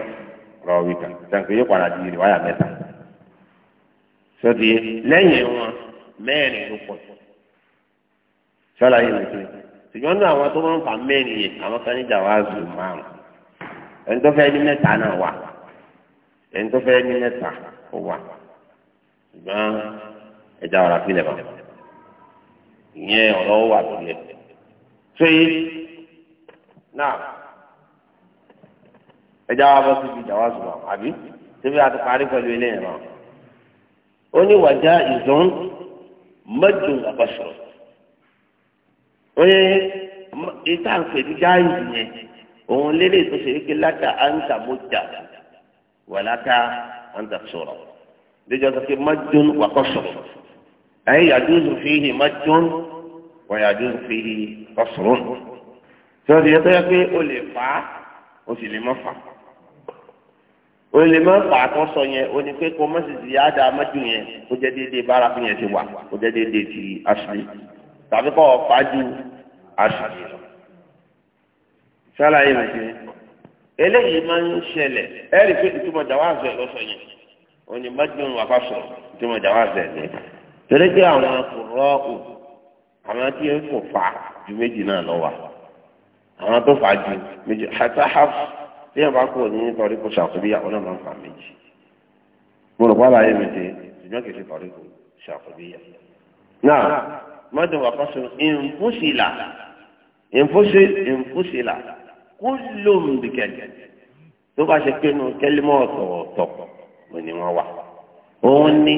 [SPEAKER 1] rọ̀wì kan sànkì yóò padà di ìrìwáyà mẹ́ta sóbi lẹ́yìn wọn mẹ́rin ló pọ̀ ṣùgbọ́n ní àwọn tó máa ń fa mẹ́rin yìí àwọn kan ní jàwáàzù márùn ẹni tó fẹ́ ní mẹ́ta náà wà ẹni tó fẹ́ ní mẹ́ta ó wà ṣùgbọ́n ẹja ọ̀rá sílẹ̀ bá ìyẹn ọ̀rọ̀ wà lórí ẹ̀ tó yé náà ẹja wa bọ́ síbi jàwáàzù márùn àbí tó àti parí pẹ̀lú eléyìí náà ó ní wàjá ìzọ́n mẹ́jọ àbáṣọ̀rọ̀ oye ìta ń pè ní jáàyè yẹn òun lélẹ̀ tó ṣe wípé láta àǹtà mọ́jà wà láta àǹtà sọ̀rọ̀ lẹ́jọ́ sọ pé májún wà kọ́ sọ̀rọ̀ ayé yàdúzù fìhì májún wà yàdúzù fìhì kọ́ sọ̀rọ̀ sọ̀rọ̀ yẹn tó yẹ o lè fà o sì lè má fà o lè má fà àkọsọ yẹn o ní pé kó má sì ti yá dáa májún yẹn kó jẹ́ déédéé bára fún yẹn ti wà kó jẹ́ déédéé ti aṣáájú tàbí kọ́ ọ̀pájú àṣàyè lọ. sálàyé mi ṣe eléyìí máa ń ṣẹlẹ̀ ẹ̀rí pé ìtumọ̀ jàwáàzù ẹ̀ lọ́sọ̀ yẹn òní májúmọ̀ wà fásọ̀ ìtumọ̀ jàwáàzù ẹ̀ ní. torí pé àwọn akùrọ̀ ò àwọn tí ń fò fà ju méjì náà lọ wà àwọn tó fà ju méjì hàtà hàf bí wọn bá kú òní nítorí kó ṣàkóbí àwọn máa ń fà méjì. mo rò pé àlàyé mi ṣe ṣùgbọ́n kì í ṣe tọ́rí kó ṣàkóbí náà mọ́tò wà kọ́sùn ìǹfúsìlà ìǹfúsì ìǹfúsìlà kó lóun dìkẹ̀dẹ̀ tó bá ṣe pé nu kẹ́límọ̀ ọ̀tọ̀ọ̀tọ̀ ni wọ́n wà. òun ni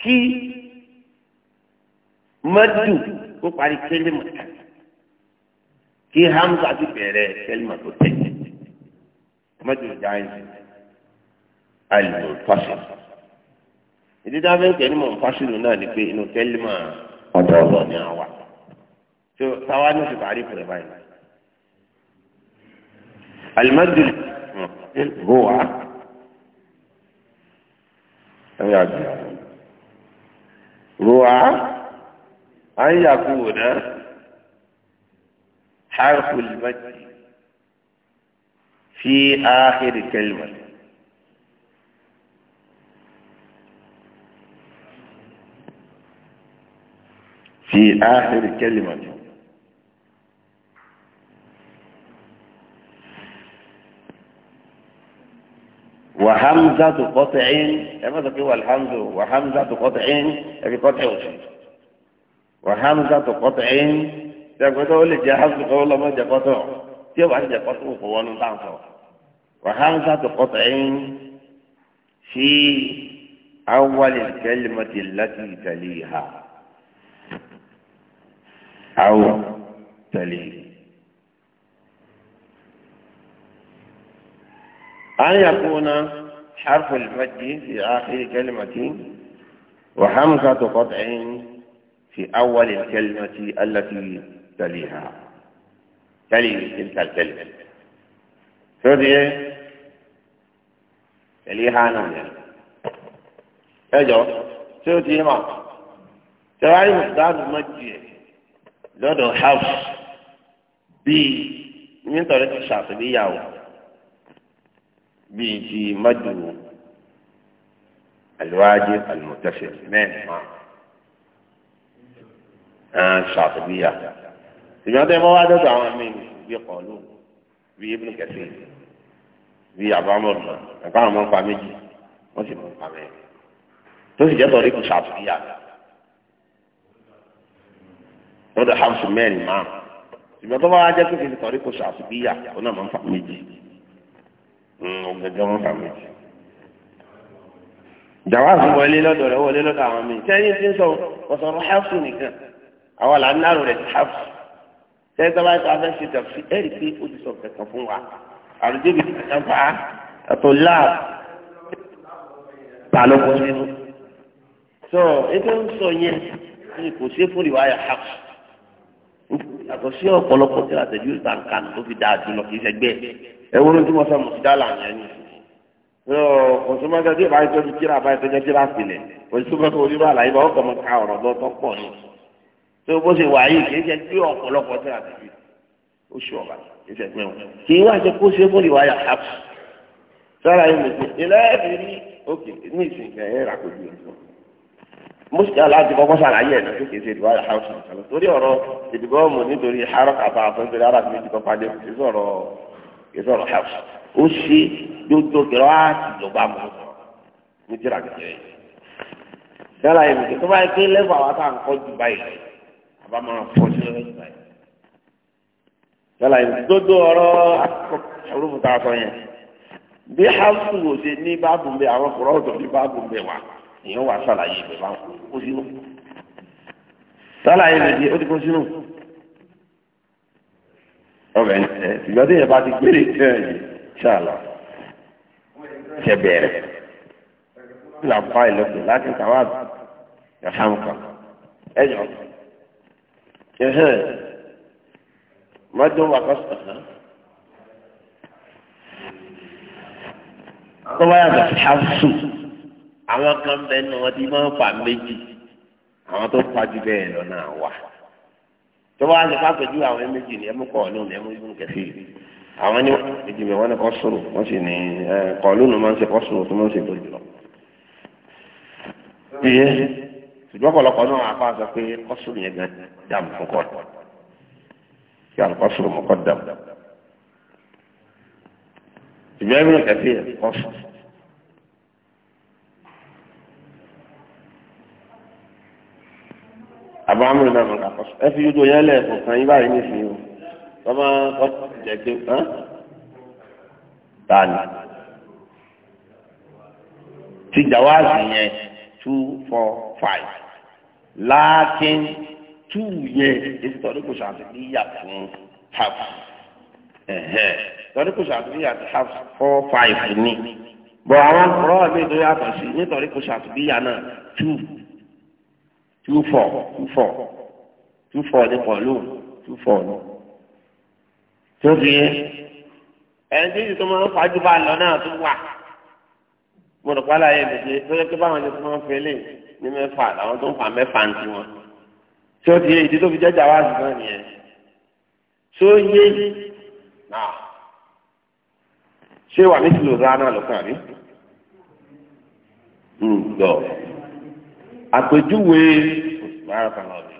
[SPEAKER 1] kí mọ́tò kó parí kẹ́límọ̀ kí hamza ti bẹ̀rẹ̀ kẹ́límọ̀ tó tẹ̀ mọ́tò jáì alùpàṣẹ. ìdí dábẹ́ kẹ́límọ̀ fásilù náà ni pé inú kẹ́límọ̀. ọjọ́ ọlọ ni a wà tó táwa ní oṣù tààrí fẹ̀rẹ̀ báyìí. alimadu hó wa ẹ yà gbé ro wa à ń yà kú wò náà harfu limadi fi ahiri kẹlima. في آخر كلمة
[SPEAKER 2] وحمزة
[SPEAKER 1] قطع ماذا هو الحمز وحمزة قطع في يعني قطع وشيء وحمزة قطع تقول لي يا حمزة قول الله ما جاء قطع تيو بعد جاء قطع وقوان دعوة وحمزة قطع في أول الكلمة التي تليها أو تليه أن يكون حرف الفج في آخر كلمة وحمزة قطع في أول الكلمة التي تليها تلي تلك الكلمة تلي تليها نعم أجو تلي ما تلي مقدار مجيئ lọ́dọ̀ house bíi nítorí ti ṣàtúnyàwó bíi ti mọ́dùnú àlùwájú àlùmọ̀tẹ́fẹ̀ mẹ́rin máa ń ṣàtúnyàwó ṣùgbọ́n tẹ́ mọ́ wá dọ́dọ̀ àwọn míì bíi kọ̀ọ̀lù bíi ibùdó kẹsì bíi àbámọ̀rún náà ẹ̀ka àwọn méjì wọ́n sì mọ̀ nǹkan mẹ́rin tó sì jẹ́ tọ́rí kù ṣàtúnyàwó lọ́dọ̀ hamsu mẹ́rin máa ṣùgbọ́n tó bá wá jẹ́ kékeré kọ́rí kò ṣàṣùbíyà ó náà máa ń fà méjì ọ̀gẹ̀gẹ̀ máa ń fà méjì. jàwáàsì wọlé lọ́dọ̀ rẹ̀ wọlé lọ́dọ̀ àwọn míì sẹ́yìn tí ń sọ ọ̀sọ̀rọ̀ hamsu nìkan àwọn làánàrò rẹ̀ ti hamsu sẹ́yìn tó bá yẹ kó afẹ́ ṣe tàbí ẹ̀rí pé ó ti sọ kẹ̀kẹ́ fún wa àrùjẹ́bi kàkàfà àtọ̀ láàbù ta ló kọ́ sínú. sọ ètò ń sọ yẹn kò sí fún ìwáyà hamsu yàtọ̀ sí ọ̀pọ̀lọpọ̀ tí a tẹ̀jú ìta nǹkan tó fi dáa jùlọ kì í ṣẹgbẹ́ ẹ wọ́n tí wọ́n sọ mùsùlùmí àyàn ni kòsùmọ́tò tí ìbáyé tọ́jú kíra àbáyé tọ́jú kíra sílẹ̀ kòsùmọ́tò onímọ̀ àlàyé bá ọkọ̀ mọ̀ ká ọ̀rọ̀ lọ́tọ́ pọ̀ ni tó bó ṣe wà yìí kì í ṣe pé ọ̀pọ̀lọpọ̀ tí a tẹ̀jú oṣù ọ̀bà kì í ṣe pé wọn mùsùlùmí aláàdì kọ́kọ́ sàlàyé ẹ̀ náà kékeré ṣe ìdìbò àyà hausa nìkan torí ọ̀rọ̀ ìdìbò ọmọ nítorí harrock àbáfẹ́ nítorí ara mi ti kọ́ padì ìsọ̀rọ̀ ìsọ̀rọ̀ hausa ó ṣe gbogbo kẹrọ àti ìjọba mọ̀ ní tíra kẹrẹ dára yẹn nìkan tó bá yẹ pé lẹ́fọ̀ àwọn tá à ń kọ́ ju báyìí àbá máa fọ́ sí lọ́wọ́ èèyàn wà sàlàyé ibẹ̀ bá kó sínú sàlàyé ibẹ̀ díẹ̀ ó ti kó sínú ọbẹ̀ ní ẹ ṣùgbọ́n tí èèyàn bá ti gbére tẹ́ ẹ yìí ṣàlọ́ ṣe bẹ̀rẹ̀ ìlà bá ìlọ́pẹ̀ láti kàwá ẹ̀fọn kan ẹ̀yọ̀ ẹ̀hẹ́n mọ́tò wà kọ́sọ̀tàn. Tọ́wọ́ yàtọ̀ sí Hásù àwọn kan bẹ nù wọn ti máa ń fa méjì àwọn tó fa jù bẹ́ẹ̀ lọ náà wà tó bá lè fàpẹjù àwọn méjì ni ẹmu kọọlù ni ẹmu ibùn kẹfì àwọn ní méjì mi wọn ni kọ sọ̀rọ̀ wọn sì ní ẹ kọọlù ni wọn sì kọ sọ̀rọ̀ tó wọn sì tó jùlọ. iye ṣùgbọ́n ọ̀pọ̀lọpọ̀ náà àfa sọ pé kọ sọ̀rọ̀ yẹn gan dàm fún kọ kí àlùkọ sọ̀rọ̀ mọ́ kọ dàm. ìgbà ibùn kẹfì kọ sọ̀rọ̀. àbámu náà mọ̀ kàkọ́ ẹ fi yóò yẹn lẹ̀ kọ̀ọ̀kan yín báyìí nìsín o tọ́mọ kọ́ jẹ́ pé tani ti jawaasi yẹn two four five láàkín two yẹn èsì tọ́lú kò ṣàtìlíyà fún half tọ́lú kò ṣàtìlíyà fún half four five ní
[SPEAKER 2] bọ̀ àwọn kọ́rọ́
[SPEAKER 1] mi tó yàtọ̀ sí nítorí kò ṣàtìlíyà náà two two four two four two four ní kọ̀ọ̀lù two four ní. tó fi yẹn ẹni tó máa ń fajú bá lọ náà tó wà mo rò pálá yẹn lèṣe lọ́jọ́ pé báwọn ẹni tó máa ń fẹ́lẹ̀ ní mẹ́fà làwọn tó ń fa mẹ́fà ń tiwọn. tó fi yẹn ìdí tó fi jẹ́jà wá sí náà nìyẹn. tó yé ṣé wà ní tìlú rárá náà lọ́kàn rí? ń àpèjúwe bárakàlọ́ọ̀dì.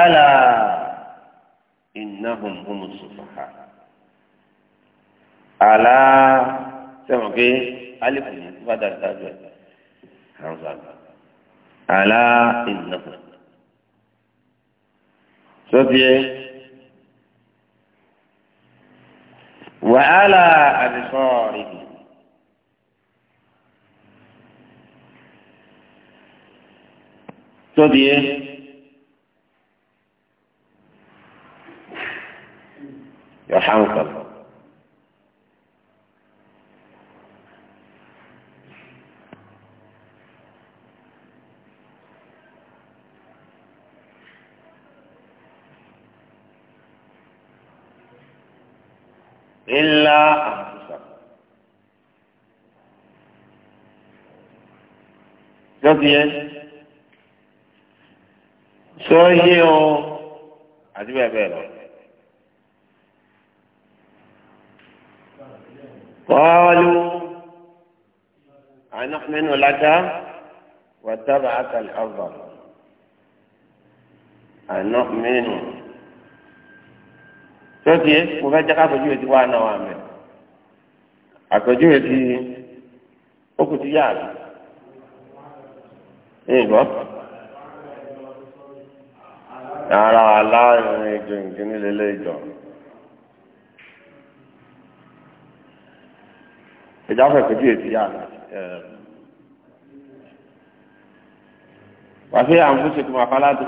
[SPEAKER 1] ala innahum humu sufaha ala sẹ́wọ̀n pé alifu ni bá dára dájú ẹ̀ hamza ala innahum sọ́fíẹ́. وعلى أبصاره
[SPEAKER 2] تضيه
[SPEAKER 1] يرحمك الله إلا أنفسكم lọ́sìyẹ́ sọ yé o àti bẹ́ẹ̀ bẹ́ẹ̀ lọ. قالوا أنؤمن لك واتبعك الأرذل أنؤمن sọ́ọ̀tì ẹ̀ mo fẹ́ jẹ́ káfọ́jú etí wà náà wà mẹ́ àtọ́jú etí ó kù ti yá àbí ẹ̀ gbọ́
[SPEAKER 2] ara aláìrìn
[SPEAKER 1] ìjọ ìkíní lélẹ̀ ìjọ. ìjà fẹ́ pẹ̀lú ètí yá wàá fi àwọn fúnṣe kí wọn afárá rò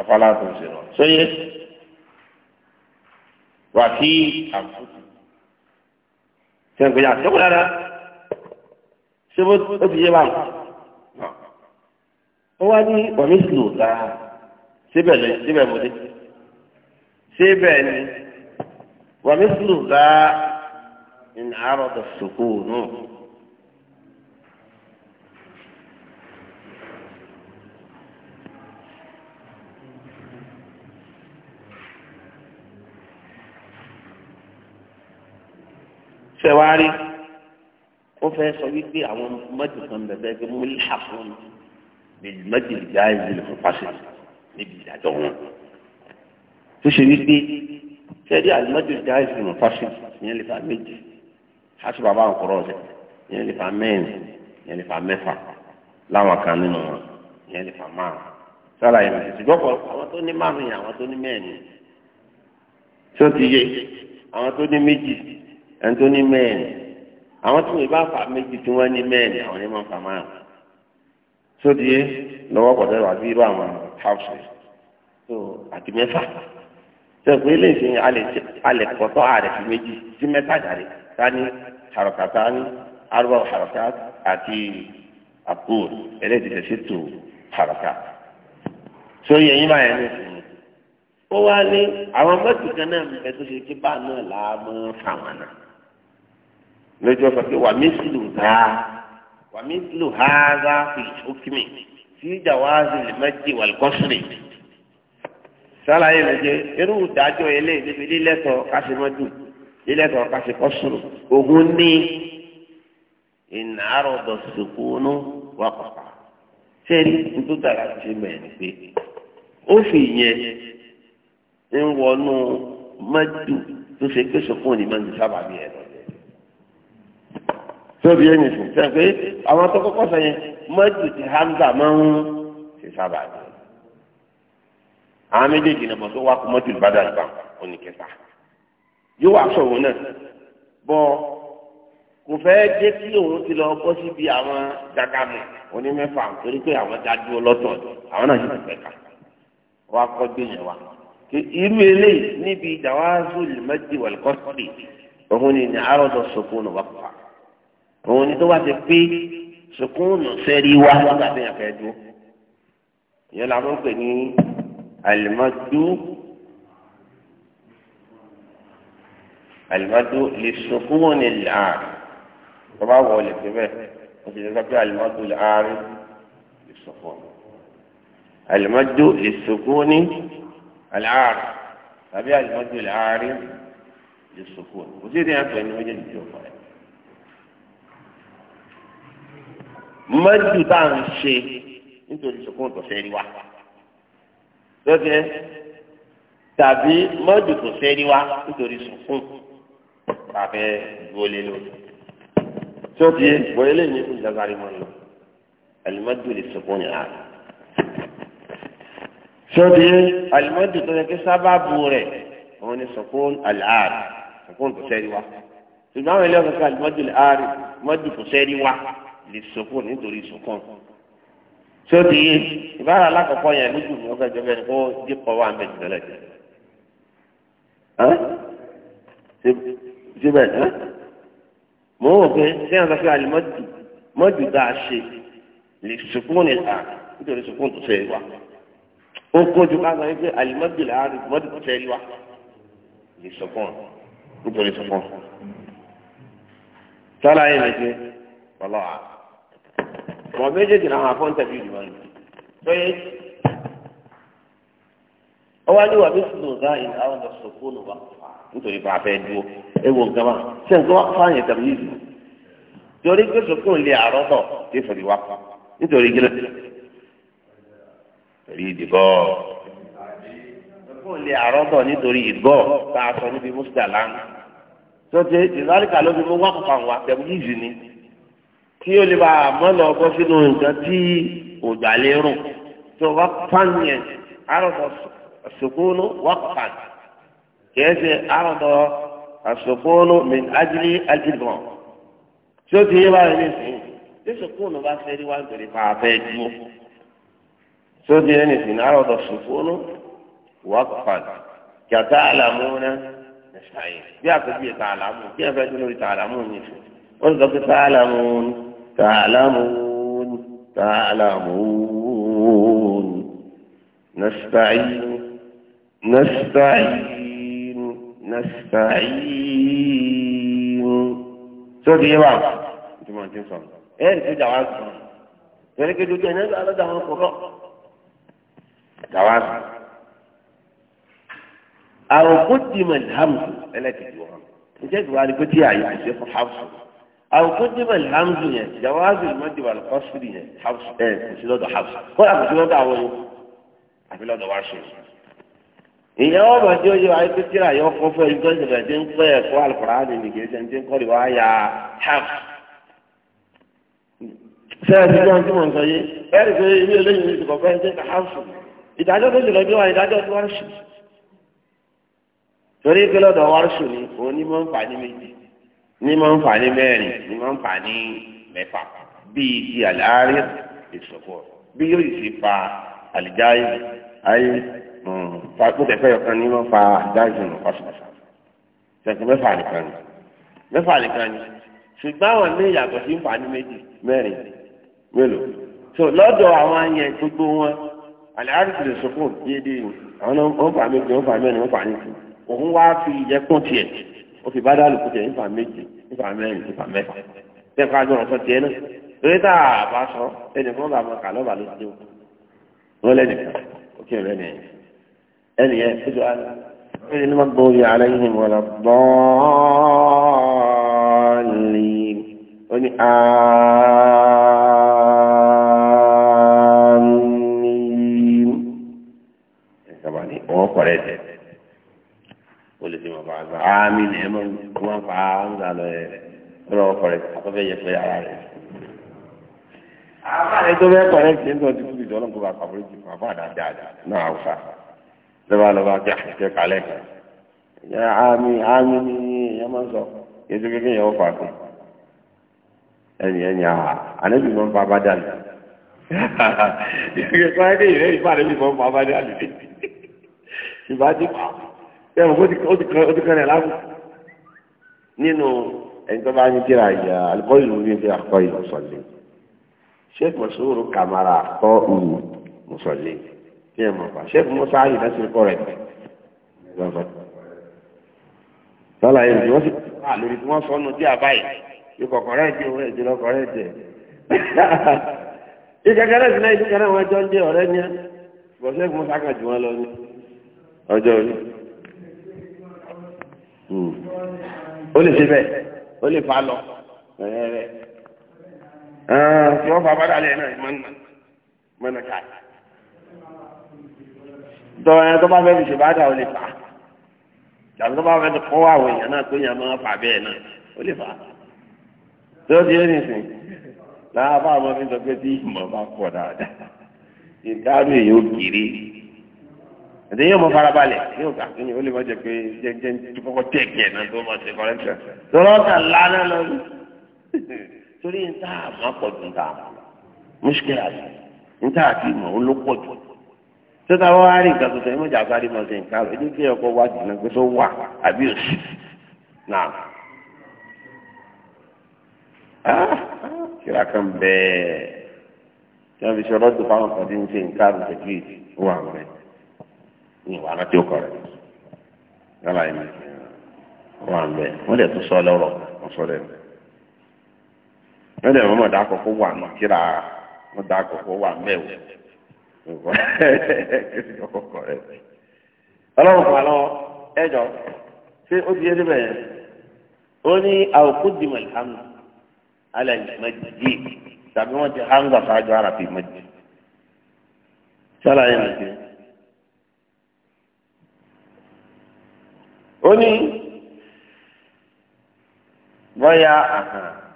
[SPEAKER 1] afala tó ń sèrò sóyè wà sí àfúsù sẹ́ńgbẹ́yà sẹ́kù dáadáa sẹ́kù ó ti yé báyìí ó wá ní ọ̀mísìlò dáa síbẹ̀ lè síbẹ̀ mọ́lé síbẹ̀ ni ọ̀mísìlò dáa ní àárọ̀ tó
[SPEAKER 2] sòkò náà.
[SPEAKER 1] sẹwárí ó fẹ́ sọ wípé àwọn mọ́tò kan bẹ̀bẹ̀ pé mo lè hà fún mi mọ́tò ìjà ìlú fún pàṣẹ níbi ìdájọ́ wọn tó ṣe wípé sẹ́ẹ̀dí àlùmọ́tò ìjà ìlú fún pàṣẹ ìyẹn lè fa méjì aṣọ bàbá àwọn kọ̀ọ̀rọ̀ ọ̀sẹ̀ ìyẹn lè fa mẹ́rin ìyẹn lè fa mẹ́fà láwọn kan nínú wọn ìyẹn lè fa márùn sára yẹn lè ṣùgbọ́n kọ àwọn tó ní márùn yẹn àwọn tó ní mẹ́rin tó ti yé àwọn tó ní méjì ẹni tó ní mẹ́rin àwọn tí wọ́n bá fà méjì tí wọ́n ní mẹ́rin àwọn ní máa fà máa sódì yé lọ́wọ́ pọ̀ tẹ́lẹ̀ àti irú àwọn house so àti mẹ́fà sẹ́kù ilé ìsìn alẹ̀ kọ́tọ́ ààrẹ fi méjì sí mẹ́fà jáde tani harakata ni arúgbó haraka àti àpò ẹlẹ́dìtẹ̀ ṣètò haraka so yẹ yín báyẹn ní ìsìn ó wá ní àwọn mẹ́tò kan náà mẹ́tò ṣe kí bá náà làá mọ́ fáwọn náà lójú ọsọ pé wà mísìlù dáa wà mísìlù háàzá fi ṣókìmì tí jàwáàzì lè méjì wà lùkọ́sìrì sálàyé ló jẹ irú ìdájọ́ ilé níbi lílẹtọ káṣímọdù lílẹtọ káṣíkọsùrù ogun ní ìnáró dọ̀sùkúnú wà pàpà sẹ́ni tó dára ti mẹ́rin pé ó fi yẹn ń wọnú mẹ́jù tó ṣe pé sọkún ní mẹ́jù sábà bí ẹ̀ lọ sóbi ẹni sùn sẹ pé àwọn tó kọ́kọ́ sọ yẹn mọ́jú ti Hamza máa ń ṣe sábà ní. àwọn méjèèjì náà bọ̀ tó wá kó mọ́jú ìbádà ìbá òní kẹta yóò wá sọ̀rọ̀ náà bọ́ kò fẹ́ jẹ́ kí òun ti lọ bọ́ síbi àwọn dàgàmù onímẹ́fà torí pé àwọn dájú ọlọ́tọ̀ àwọn náà sì ti pẹ̀ka wọ́n á kọ́ gbé yẹn wá irú eléyìí níbi ìdáwáṣú lè mẹ́tì wọ̀lẹ́kọ́sì òun ni ní àròdọ̀ sọ̀kún wà pa òun ni tó wá ti pé sukùnù sẹ́rí wá nígbà tí yàn fẹ́ dúró ìyẹn la máa ń pè ní alimadu alimadu lè sukùnù làárì tó bá wọ̀ ọ́ lè fi bẹ́ẹ̀ o ti lè sọ pé alimadu làárì lè sukùnù alimadu lè sukùnù làárì tàbí alimadu làárì lè sukùnù o ti rí àpẹẹrẹ ní méjèèjì tó fà ẹ́. mọ́jú tá à ń ṣe nítorí sùkúrù tó fẹ́ rí wa lọ́sẹ̀ tàbí mọ́jú tó fẹ́ rí wa nítorí sùkúrù tá a fẹ́ gbólé lórí tó ti bóyá lè ní ìjàgbárí mọ́ lọ alimọ́jú lè sùkúrù ní àná tó ti alimọ́jú tó yẹ kí sábàbù rẹ̀ òun ni sùkúrù àlàáre sùkúrù tó rí wa ṣùgbọ́n àwọn ilé ọ̀sán kan alimọ́jú lè àárẹ̀ mọ́jú tó rí wa lè sọkún nítorí sọkún tí ó ti yé ìbára alákọ̀ọ́kọ́ yẹn lójú mi ọgbà ìjọba ẹni kó dé kọ́ wá mẹ́jọ tẹ́lẹ̀ jẹ́ síbẹ̀ ẹ́ mo ń wò pé ṣé àwọn sọ́kẹ́ àlùmọ́dù mọ́dù tá a ṣe lè sọkún ní ta nítorí sọkún tó fẹ́ wá ó kójú ká sọ wípé àlùmọ́dù làárọ̀ mọ́dù tó fẹ́ wá lè sọkún nítorí sọkún. sọ́la yẹn lè ṣe ọlọ́wàá. ọ̀rọ̀ méjèèjì làwọn afọ́ńtẹ̀bí ìlú wọn pé ọwọ́ ní wàbí sùn lọ́dà ìlú àwọn ọ̀dọ̀ sọ̀kó ló wà nítorí bá a fẹ́ dúró ewu nǹkan wa ṣé nǹkan wá fáwọn yẹn tẹ̀lé ìlú torí pé sọ̀kó lè àrọ́bọ̀ tí fòlì wá pa nítorí gílẹ̀ torí ìdìbò sọ̀kó lè àrọ́bọ̀ nítorí ìgbọ́ tá a sọ níbi mùsùlùmí lánàá tó ti ìdìbò àríkà ló fi mú wá ìlú ni. kí o lè bá a mọ́ lọ bọ́ sínú nǹkan tí òjà lè rùn tó wá pàmì ẹ̀ àròsọ sukunu waqfan kìí ṣe àròsọ sukunu min ajili ajibọn tí ó ti yé báyìí nìsín tí sukunu bá fẹ́ rí wá ń bèrè fà á fẹ́ dúró tí ó ti yé nìsín àròsọ sukunu waqfan kàtà àlàmúnà nìsàyè bí àpèjì tààlàmù bí ẹ fẹ́ dúró tààlàmù nìsín ó ń sọ pé tààlàmù nìsín. تعلمون تعلمون نستعين نستعين نستعين
[SPEAKER 2] سوف يبقى
[SPEAKER 1] انت ما انت صار ايه في جواز يعني كده جنازة على ده القراء جواز أو قدم الهمز التي يوهم انت تقول على كتيا يعني شيخ الحفص àwọn kó débẹ̀ làmdù yẹn jawaazù ìmọ̀dìbò àlùkọ́sìrì yẹn ẹ kò sí lọ́dọ̀ hapsi kó àpò sí lọ́dọ̀ àwọn yìí àfi lọ́dọ̀ wá ṣe. ìyẹn wọn bàjẹ́ oyè wa ayélujára tíra yọ fún fún ẹni tó ń sọ̀rọ̀ ẹ̀dín pẹ́ ẹ̀kọ́ alukọ̀ránì ní kìí ṣẹ́ni tí ń kọ́lé wá ya hapsi. sẹ́yìn tí wọ́n tún mọ̀ sọ yé bẹ́ẹ̀ni pé ilé eléyìí ní ìdìbò fẹ́ẹ́ ń hapsi ìdájọ́ tó jùlọ bí wọn ìdájọ́ tó wá ṣù torí pé lọ́dọ̀ wá ṣù ni òun ní mọ́ ń fà ní méjì ní máa ń fà ní mẹ́rin ní máa ń fà ní mẹ́fà bíi ti àlárí ìsọ̀fọ̀ bí yóò sì fa àlìjáì ayé mm, fàkúntẹ̀ fẹ́ yọkan ní máa ń fa àlìjáì nù pàṣípàṣá ṣẹ̀kùn mẹ́fà nìkan ni mẹ́fà nìkan ni ṣùgbọ́n àwọn ní ìyàtọ̀ sí ń fà ní méjì mẹ́rin mélòó so lọ́dọ̀ àwọn ayẹ gbogbo wọn àlìjáì ìsọ̀fọ̀ déédéé àwọn náà fà méjì ń fà mẹ́rin ń fà ní òun wá fi ìjẹ́kùn tiẹ̀ ó fi bá dàlù kùtẹ̀ nípa méjì nípa mẹ́rin nípa mẹ́fà lẹ́kọ̀ọ́ àjọrò sọ tiẹ̀ náà lórí tá a bá sọ ẹnìkan bá mọ kàlọ́ bá ló ti dẹ́wọ̀ wọ́n lẹ́nìkan òkè rẹ̀ nìyẹn ẹnì yẹn kójú àná ẹnì ní ma gbọ́ yẹ alẹ́ yìí wọ́n lọ bọ́ọ̀lì ó ní àmì ẹ̀ka wà ní ọ̀pọ̀ rẹ̀ àmì ẹ̀ mọ̀ wọ́n fa ń gbà lọ ẹ̀ lọ́wọ́ ọkọ̀ rẹ̀ akọ́fẹ́ yẹ pé ara rẹ̀. àbá rẹ̀ tó bẹ́ẹ̀ kọ̀rẹ́ ti ń tọ́ ti fúbi dọ́lọ́ kó bá pàbórí ti fún àbá àdáadáa náà àwùfà lọ́ba lọ́ba bí àkẹ́kẹ́ kalẹ̀ kan. àmì àmì ni èèyàn máa ń sọ ètò kékeré yẹn ó fà kún ẹni ẹni àhà ànábì mọ́ ń pa bá dàlù. ìgbésẹ̀ ìgbà ẹ̀wọ̀n kó ti kan ẹ̀ lábù nínú ẹni tó bá ní kíra ìyá alùpùpù ìlú ní ìdí àkọ́ ìlú sọ̀lẹ̀ sheikh masur kamara àkọ́ ìlú mùsọ̀lẹ̀ kí ẹ mọ̀ pa sheikh musa ayé náà ṣe kọ́ rẹ̀ sọ́la yẹn ni wọ́n sì wà lórí tí wọ́n sọnù tí a báyìí ikọ̀ kọ̀rẹ́ ti òun ẹ̀jẹ̀ lọ kọ̀rẹ́ tẹ̀. ìkẹkẹrẹ sí náà ìkẹkẹrẹ wọn jọ ń jẹ ọ̀rẹ́ ní ẹ bọ̀ sheikh musa kàn jù wọn lọ ní ọjọ́ orí ó lè ṣe bẹ́ẹ̀ ó lè fa lọ ẹ̀ẹ́rẹ́ tí wọ́n fa bàdà lẹ́yìn náà mọ́nà mọ́nà ká tọ́wọ́ ẹni tó bá fẹ́ fi ṣe bàdà ó lè fà tàbí tó bá fẹ́ kọ́ àwọn èèyàn náà tó yàn máa fà bẹ́ẹ̀ náà ó lè fà tí ó ti yé nìsín láàbà máa fi sọ pé tí ìmọ̀ bá pọ̀ dáadáa ìdáhùn èèyàn ó kéré ẹ̀dẹ̀ yóò mọ farabalẹ̀ yóò gbà kí ni ó lè má jẹ pé jẹjẹ tó kọ́kọ́ tẹ̀ kẹ̀ náà tó máa ṣe kọ́lẹ́tẹ̀ lọ́rọ́ kà lánà lọ́rọ́ torí n ta àmọ́ pọ̀jù n ta àmọ́ mùsùlùmí àti n ta àti ìmọ̀ ó ló pọ̀jù tó rí nǹkan tuntun ìmọ̀jà sáré máa ṣe nǹkan ẹ̀dẹ̀ kí ọkọ̀ wá jùlọ pé tó wà àbí òsì náà kíra kan bẹ́ẹ̀ kí wọ́n fi ṣe ọlọ́dún fáwọn kan ní ìwà aláti ó kọrẹ yálà yìí wọn à ń bẹ wọn dẹ tún sọ lọrọ wọn sọ dẹ wọn dẹ mọ kọkọ wà nù kíra kọkọ wà ẹjọ ṣé ó ó ní àwòkú alẹ tàbí wọn ti ó ní bọ́yá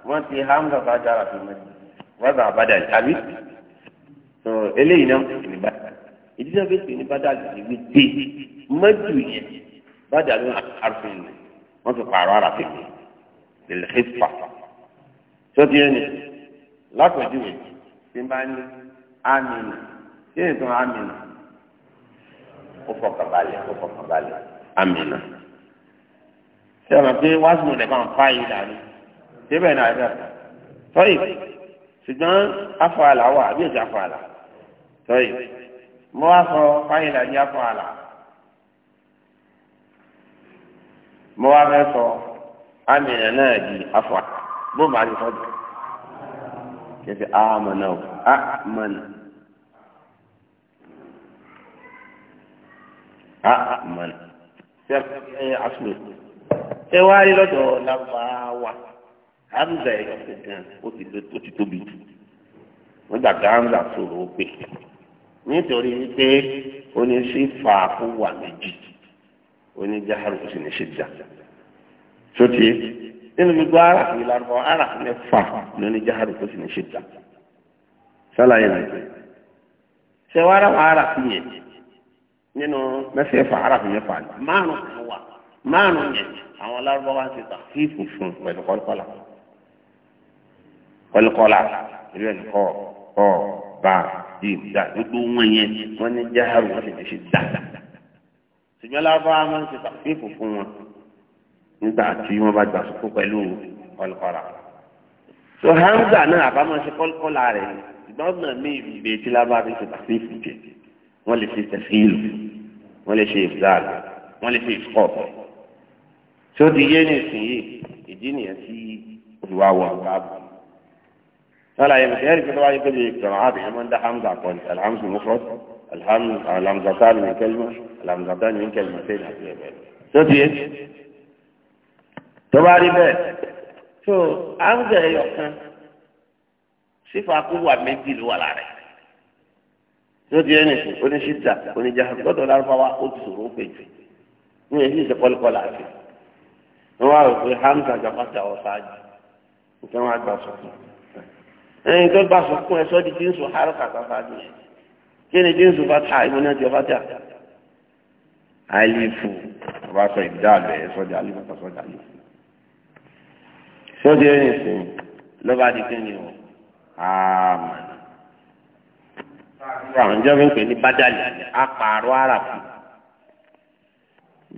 [SPEAKER 1] wọ́n ti hamza fàájára fún mi wọ́n bá àbádà tàbí tó eléyìí náà kò ní bàtà ìdílé bẹ́ẹ̀ sì ní bàtà ìdílé dé mọ́jú yẹn bàtà ló àrùn mi wọ́n ti pààrọ̀ ara fi mi lè fi fà sọ́tí ẹni lápẹ̀jùwẹ̀ tí n bá ní amina kí ni tó amina ó fọkànbalẹ̀ ó fọkànbalẹ̀ amina sẹ́wọ̀n pé wáṣùmù rẹ̀ máa ń fa yìí dàní débẹ̀ náà dà tọ́yì ṣùgbọ́n afọ àlà wà àbí èjì afọ àlà tọ́yì mo wá sọ fáyìí dàní afọ àlà mo wá fẹ́ sọ àmìyàn náà di afọ àlà bó máa ń sọ jù kẹfì àmọ̀ náà àmọ̀ náà. أأمن أصله ẹ wá rí lọ́dọ̀ lárúbáwá hamza ẹ̀yọ̀ gẹ̀gẹ̀ ó ti tóbi jù nígbà tí hamza sọ̀rọ̀ ó pè nítorí pé oníṣẹ́fà fún wà méjì oníjàhárù sì ní ṣèjà sóti nínú gbogbo aráàlú lárúbáwá aráàlú mẹ́fà ní oníjàhárù sì ní ṣèjà sálàyé nàìjíríà ṣẹwàá aráàlú yẹn nínú mẹ́fẹ̀ẹ́fà aráàlú mẹ́fà márùn-ún wà márùn yẹn àwọn lárúbáwá ń ṣe tàfíìfù fún pẹ̀lú kọ́lùkọ́là kọ́lùkọ́là ìlú ẹ̀nì kọ́ kọ́ bá di ìdá gbogbo wọn yẹn wọ́n ní jáàrú wọ́n sì ti ṣe dáadáa ṣùgbọ́n lárúbáwá máa ń ṣe tàfíìfù fún wọn nígbà tí wọ́n bá gbà sókó pẹ̀lú kọ́lùkọ́là
[SPEAKER 2] so hamza náà
[SPEAKER 1] àbámọ̀ ṣe kọ́lùkọ́là rẹ̀ ṣùgbọ́n ọ̀nà míì ìgbèjì lábá fi ṣe tàfíìfù jẹ wọ́n lè ṣe tẹ̀síìlù wọ́n lè ṣe ìfúláàlù wọ́n lè ṣe ìfúkọ̀ọ̀fọ̀ tí ó ti yé ní ìsinyìí ìdí nìyẹn tí ìwà wọ̀ ọ̀gá bù. فلا يمتهر في رواية كل الاجتماعات حمان ده حمزة قول الحمز المفرد الحمز الهمزتان من كلمة الهمزتان من كلمتين سوتي تباري بيت شو حمزة يوكا صفة قوة من دي الولا عليك سوتي نشي ونشدة ونجحب قدر الأربعة أكسر وفيك ويجيز قول قول عفيف wọ́n wá rò pé hamza jàpátá ọ̀sáájú nǹkan wọn àgbà sọ̀kún ẹni tó gbà sọ̀kún ẹ̀sọ́ di jíǹsù haruka sáájú yẹn kí ni jíǹsù fata ìmọ̀ náà ti ọ fata alifu ọba sọ ìdáàlú ẹ̀ sọ́jà alifu ọba sọ́jà alifu sọ́jà ẹ̀yìn sìn lọ́ba di kí ni o àmàlà àwọn jẹ́ wípé ní bájálì apààrọ̀ àràfù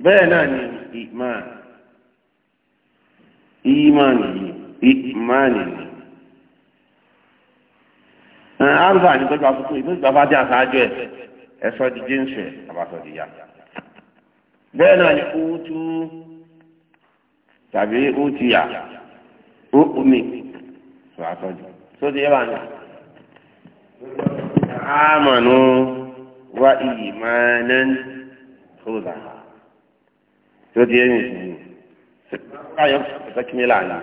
[SPEAKER 1] bẹ́ẹ̀ náà ni ìmáà. ìmánì yìí ìmánì àti ìtọ́jú àkókò ìtọ́jú bàbá dé àṣáájú ẹ̀ ẹ̀sọ́ di Jésù ẹ̀ di ya. Bẹ́ẹ̀ náà ni ó tú tàbí ó ti yà ó omi sọ àtọ́jú. Sóde yẹ́ bá ní. Àmànú wá iyì tó káyọ̀ ìfẹ́kíní lànà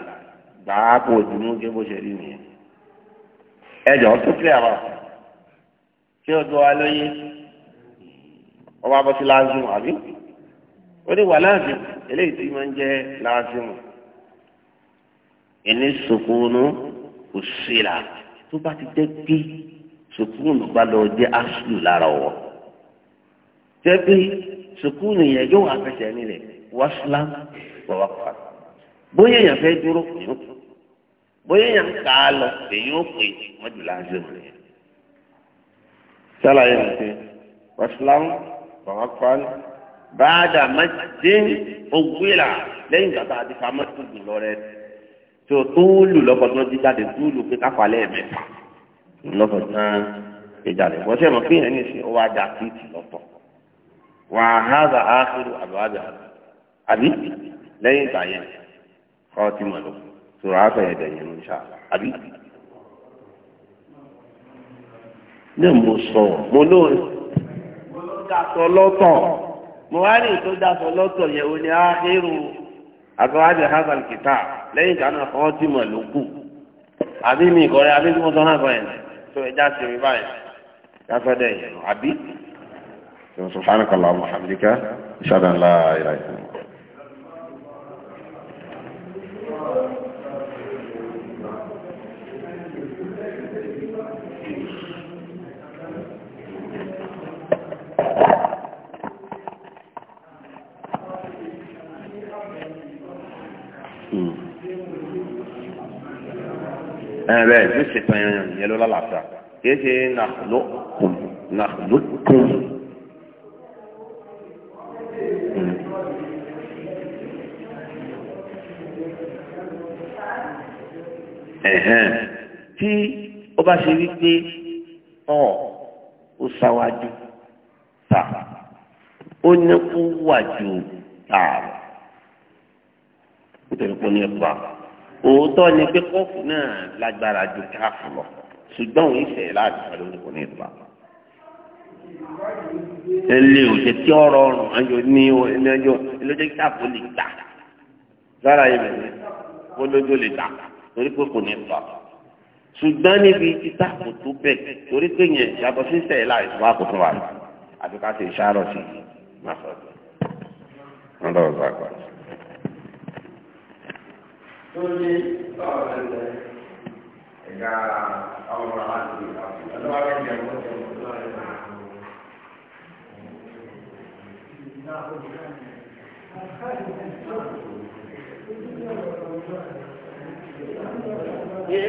[SPEAKER 1] gbà á kó ìdùnnú gé bó ṣe rí nìyẹn ẹjọ́ tó fi àwà tí ó gbọ́ wa lóye ọba bọ́ sí láàzùmù àbí ó ní wà láàzùmù eléyìí tí máa ń jẹ́ láàzùmù ẹni sòkúnú kò sí la tó bá ti jẹ́ pé sòkúnù bá lọ jẹ́ aṣùlù lára wọ̀ jẹ́ sòkúnù yẹn yóò wá fẹsẹ̀ nílẹ̀ wá sílámù wọ́wọ́ fà bóyá èèyàn fẹ́ dúró èèyàn kù bóyá èèyàn kà á lọ èèyàn pè wọ́n jù láàzọ rẹ̀. sálàyé mi pé wàsílámù wàwá fan báàdà mẹ́tẹ́ẹ̀n ogúnlá lẹ́yìn ìgbà tá a ti fa mẹ́tẹ́ẹ̀n lọ rẹ̀ tó tóólù lọ́kọ̀tún ti jáde tóólù pé káfalẹ̀ mẹ́ta lọ́kọ̀tún ìjáde wọ́n sẹ́wọ̀n kéèyàn ní sí ọwọ́ ajá fíìtì lọ́tọ̀ wàhálà áhùrù àbáwájà àbí lẹ́yìn ìgbà yẹn kọ́ọ̀tì mọ̀ ló sọ̀rọ̀ àtọ̀yẹ̀ dẹ̀yìn ń ṣá àbí. ní mo sọ mo ló mo ló dasọ lọ́tọ̀ mo wá ní ìtò dasọ lọ́tọ̀ yẹn o ní áhírù àtọwájú hazal kìtà lẹ́yìn ìgbà náà kọ́ọ̀tì mọ̀ ló kù àbí mi ìkọ́rẹ́ àbí tí mo sọ náà sọ yẹn tó ẹja ṣe mi báyìí dasọ dẹ̀yìn àbí. سبحانك اللهم وبحمدك اشهد ان لا اله
[SPEAKER 2] الا انت ẹ bẹ́ẹ̀
[SPEAKER 1] ló ṣe tán yẹn yẹn ló lálàáfíà kìí ṣe nàlókùn nàlókùn. ẹ̀hẹ́n tí ó bá ṣe wípé ọ̀ o ṣáwájú tà ó ní kó wàjú tà o pé ó ní ẹ̀pà òótọ́ ni pé kọ́ọ̀fù náà lágbára ju káàfù lọ ṣùgbọ́n òun ìfẹ́ láàbùkà lórí kò ní ìtura.
[SPEAKER 2] ẹlẹ́ ò jẹ́ tí ọ̀rọ̀ ọ̀rùn ayọ̀ ní
[SPEAKER 1] ẹlẹ́jọ́ ẹlẹ́jọ́ káàfù lè gbà lára ibẹ̀ ni kólójó lè gbà torí pé kò ní ìtura. ṣùgbọ́n níbi tí táàpù tó bẹ̀ torí pé yẹn yàtọ̀ sí ìfẹ́ láàbùkà wà kó fún wa àti ká ṣe ìṣàrọ̀ sí i má sọ̀rọ̀ tó ní báwọn ẹgbẹ́ ẹ̀ka àwọn ọmọ aláàbò ọlọ́wọ́ akẹ́kẹ́ ẹ̀kọ́ tó ń bọ̀ lọ́wọ́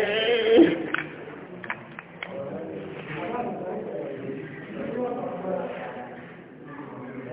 [SPEAKER 2] ẹ̀ka. Yeah.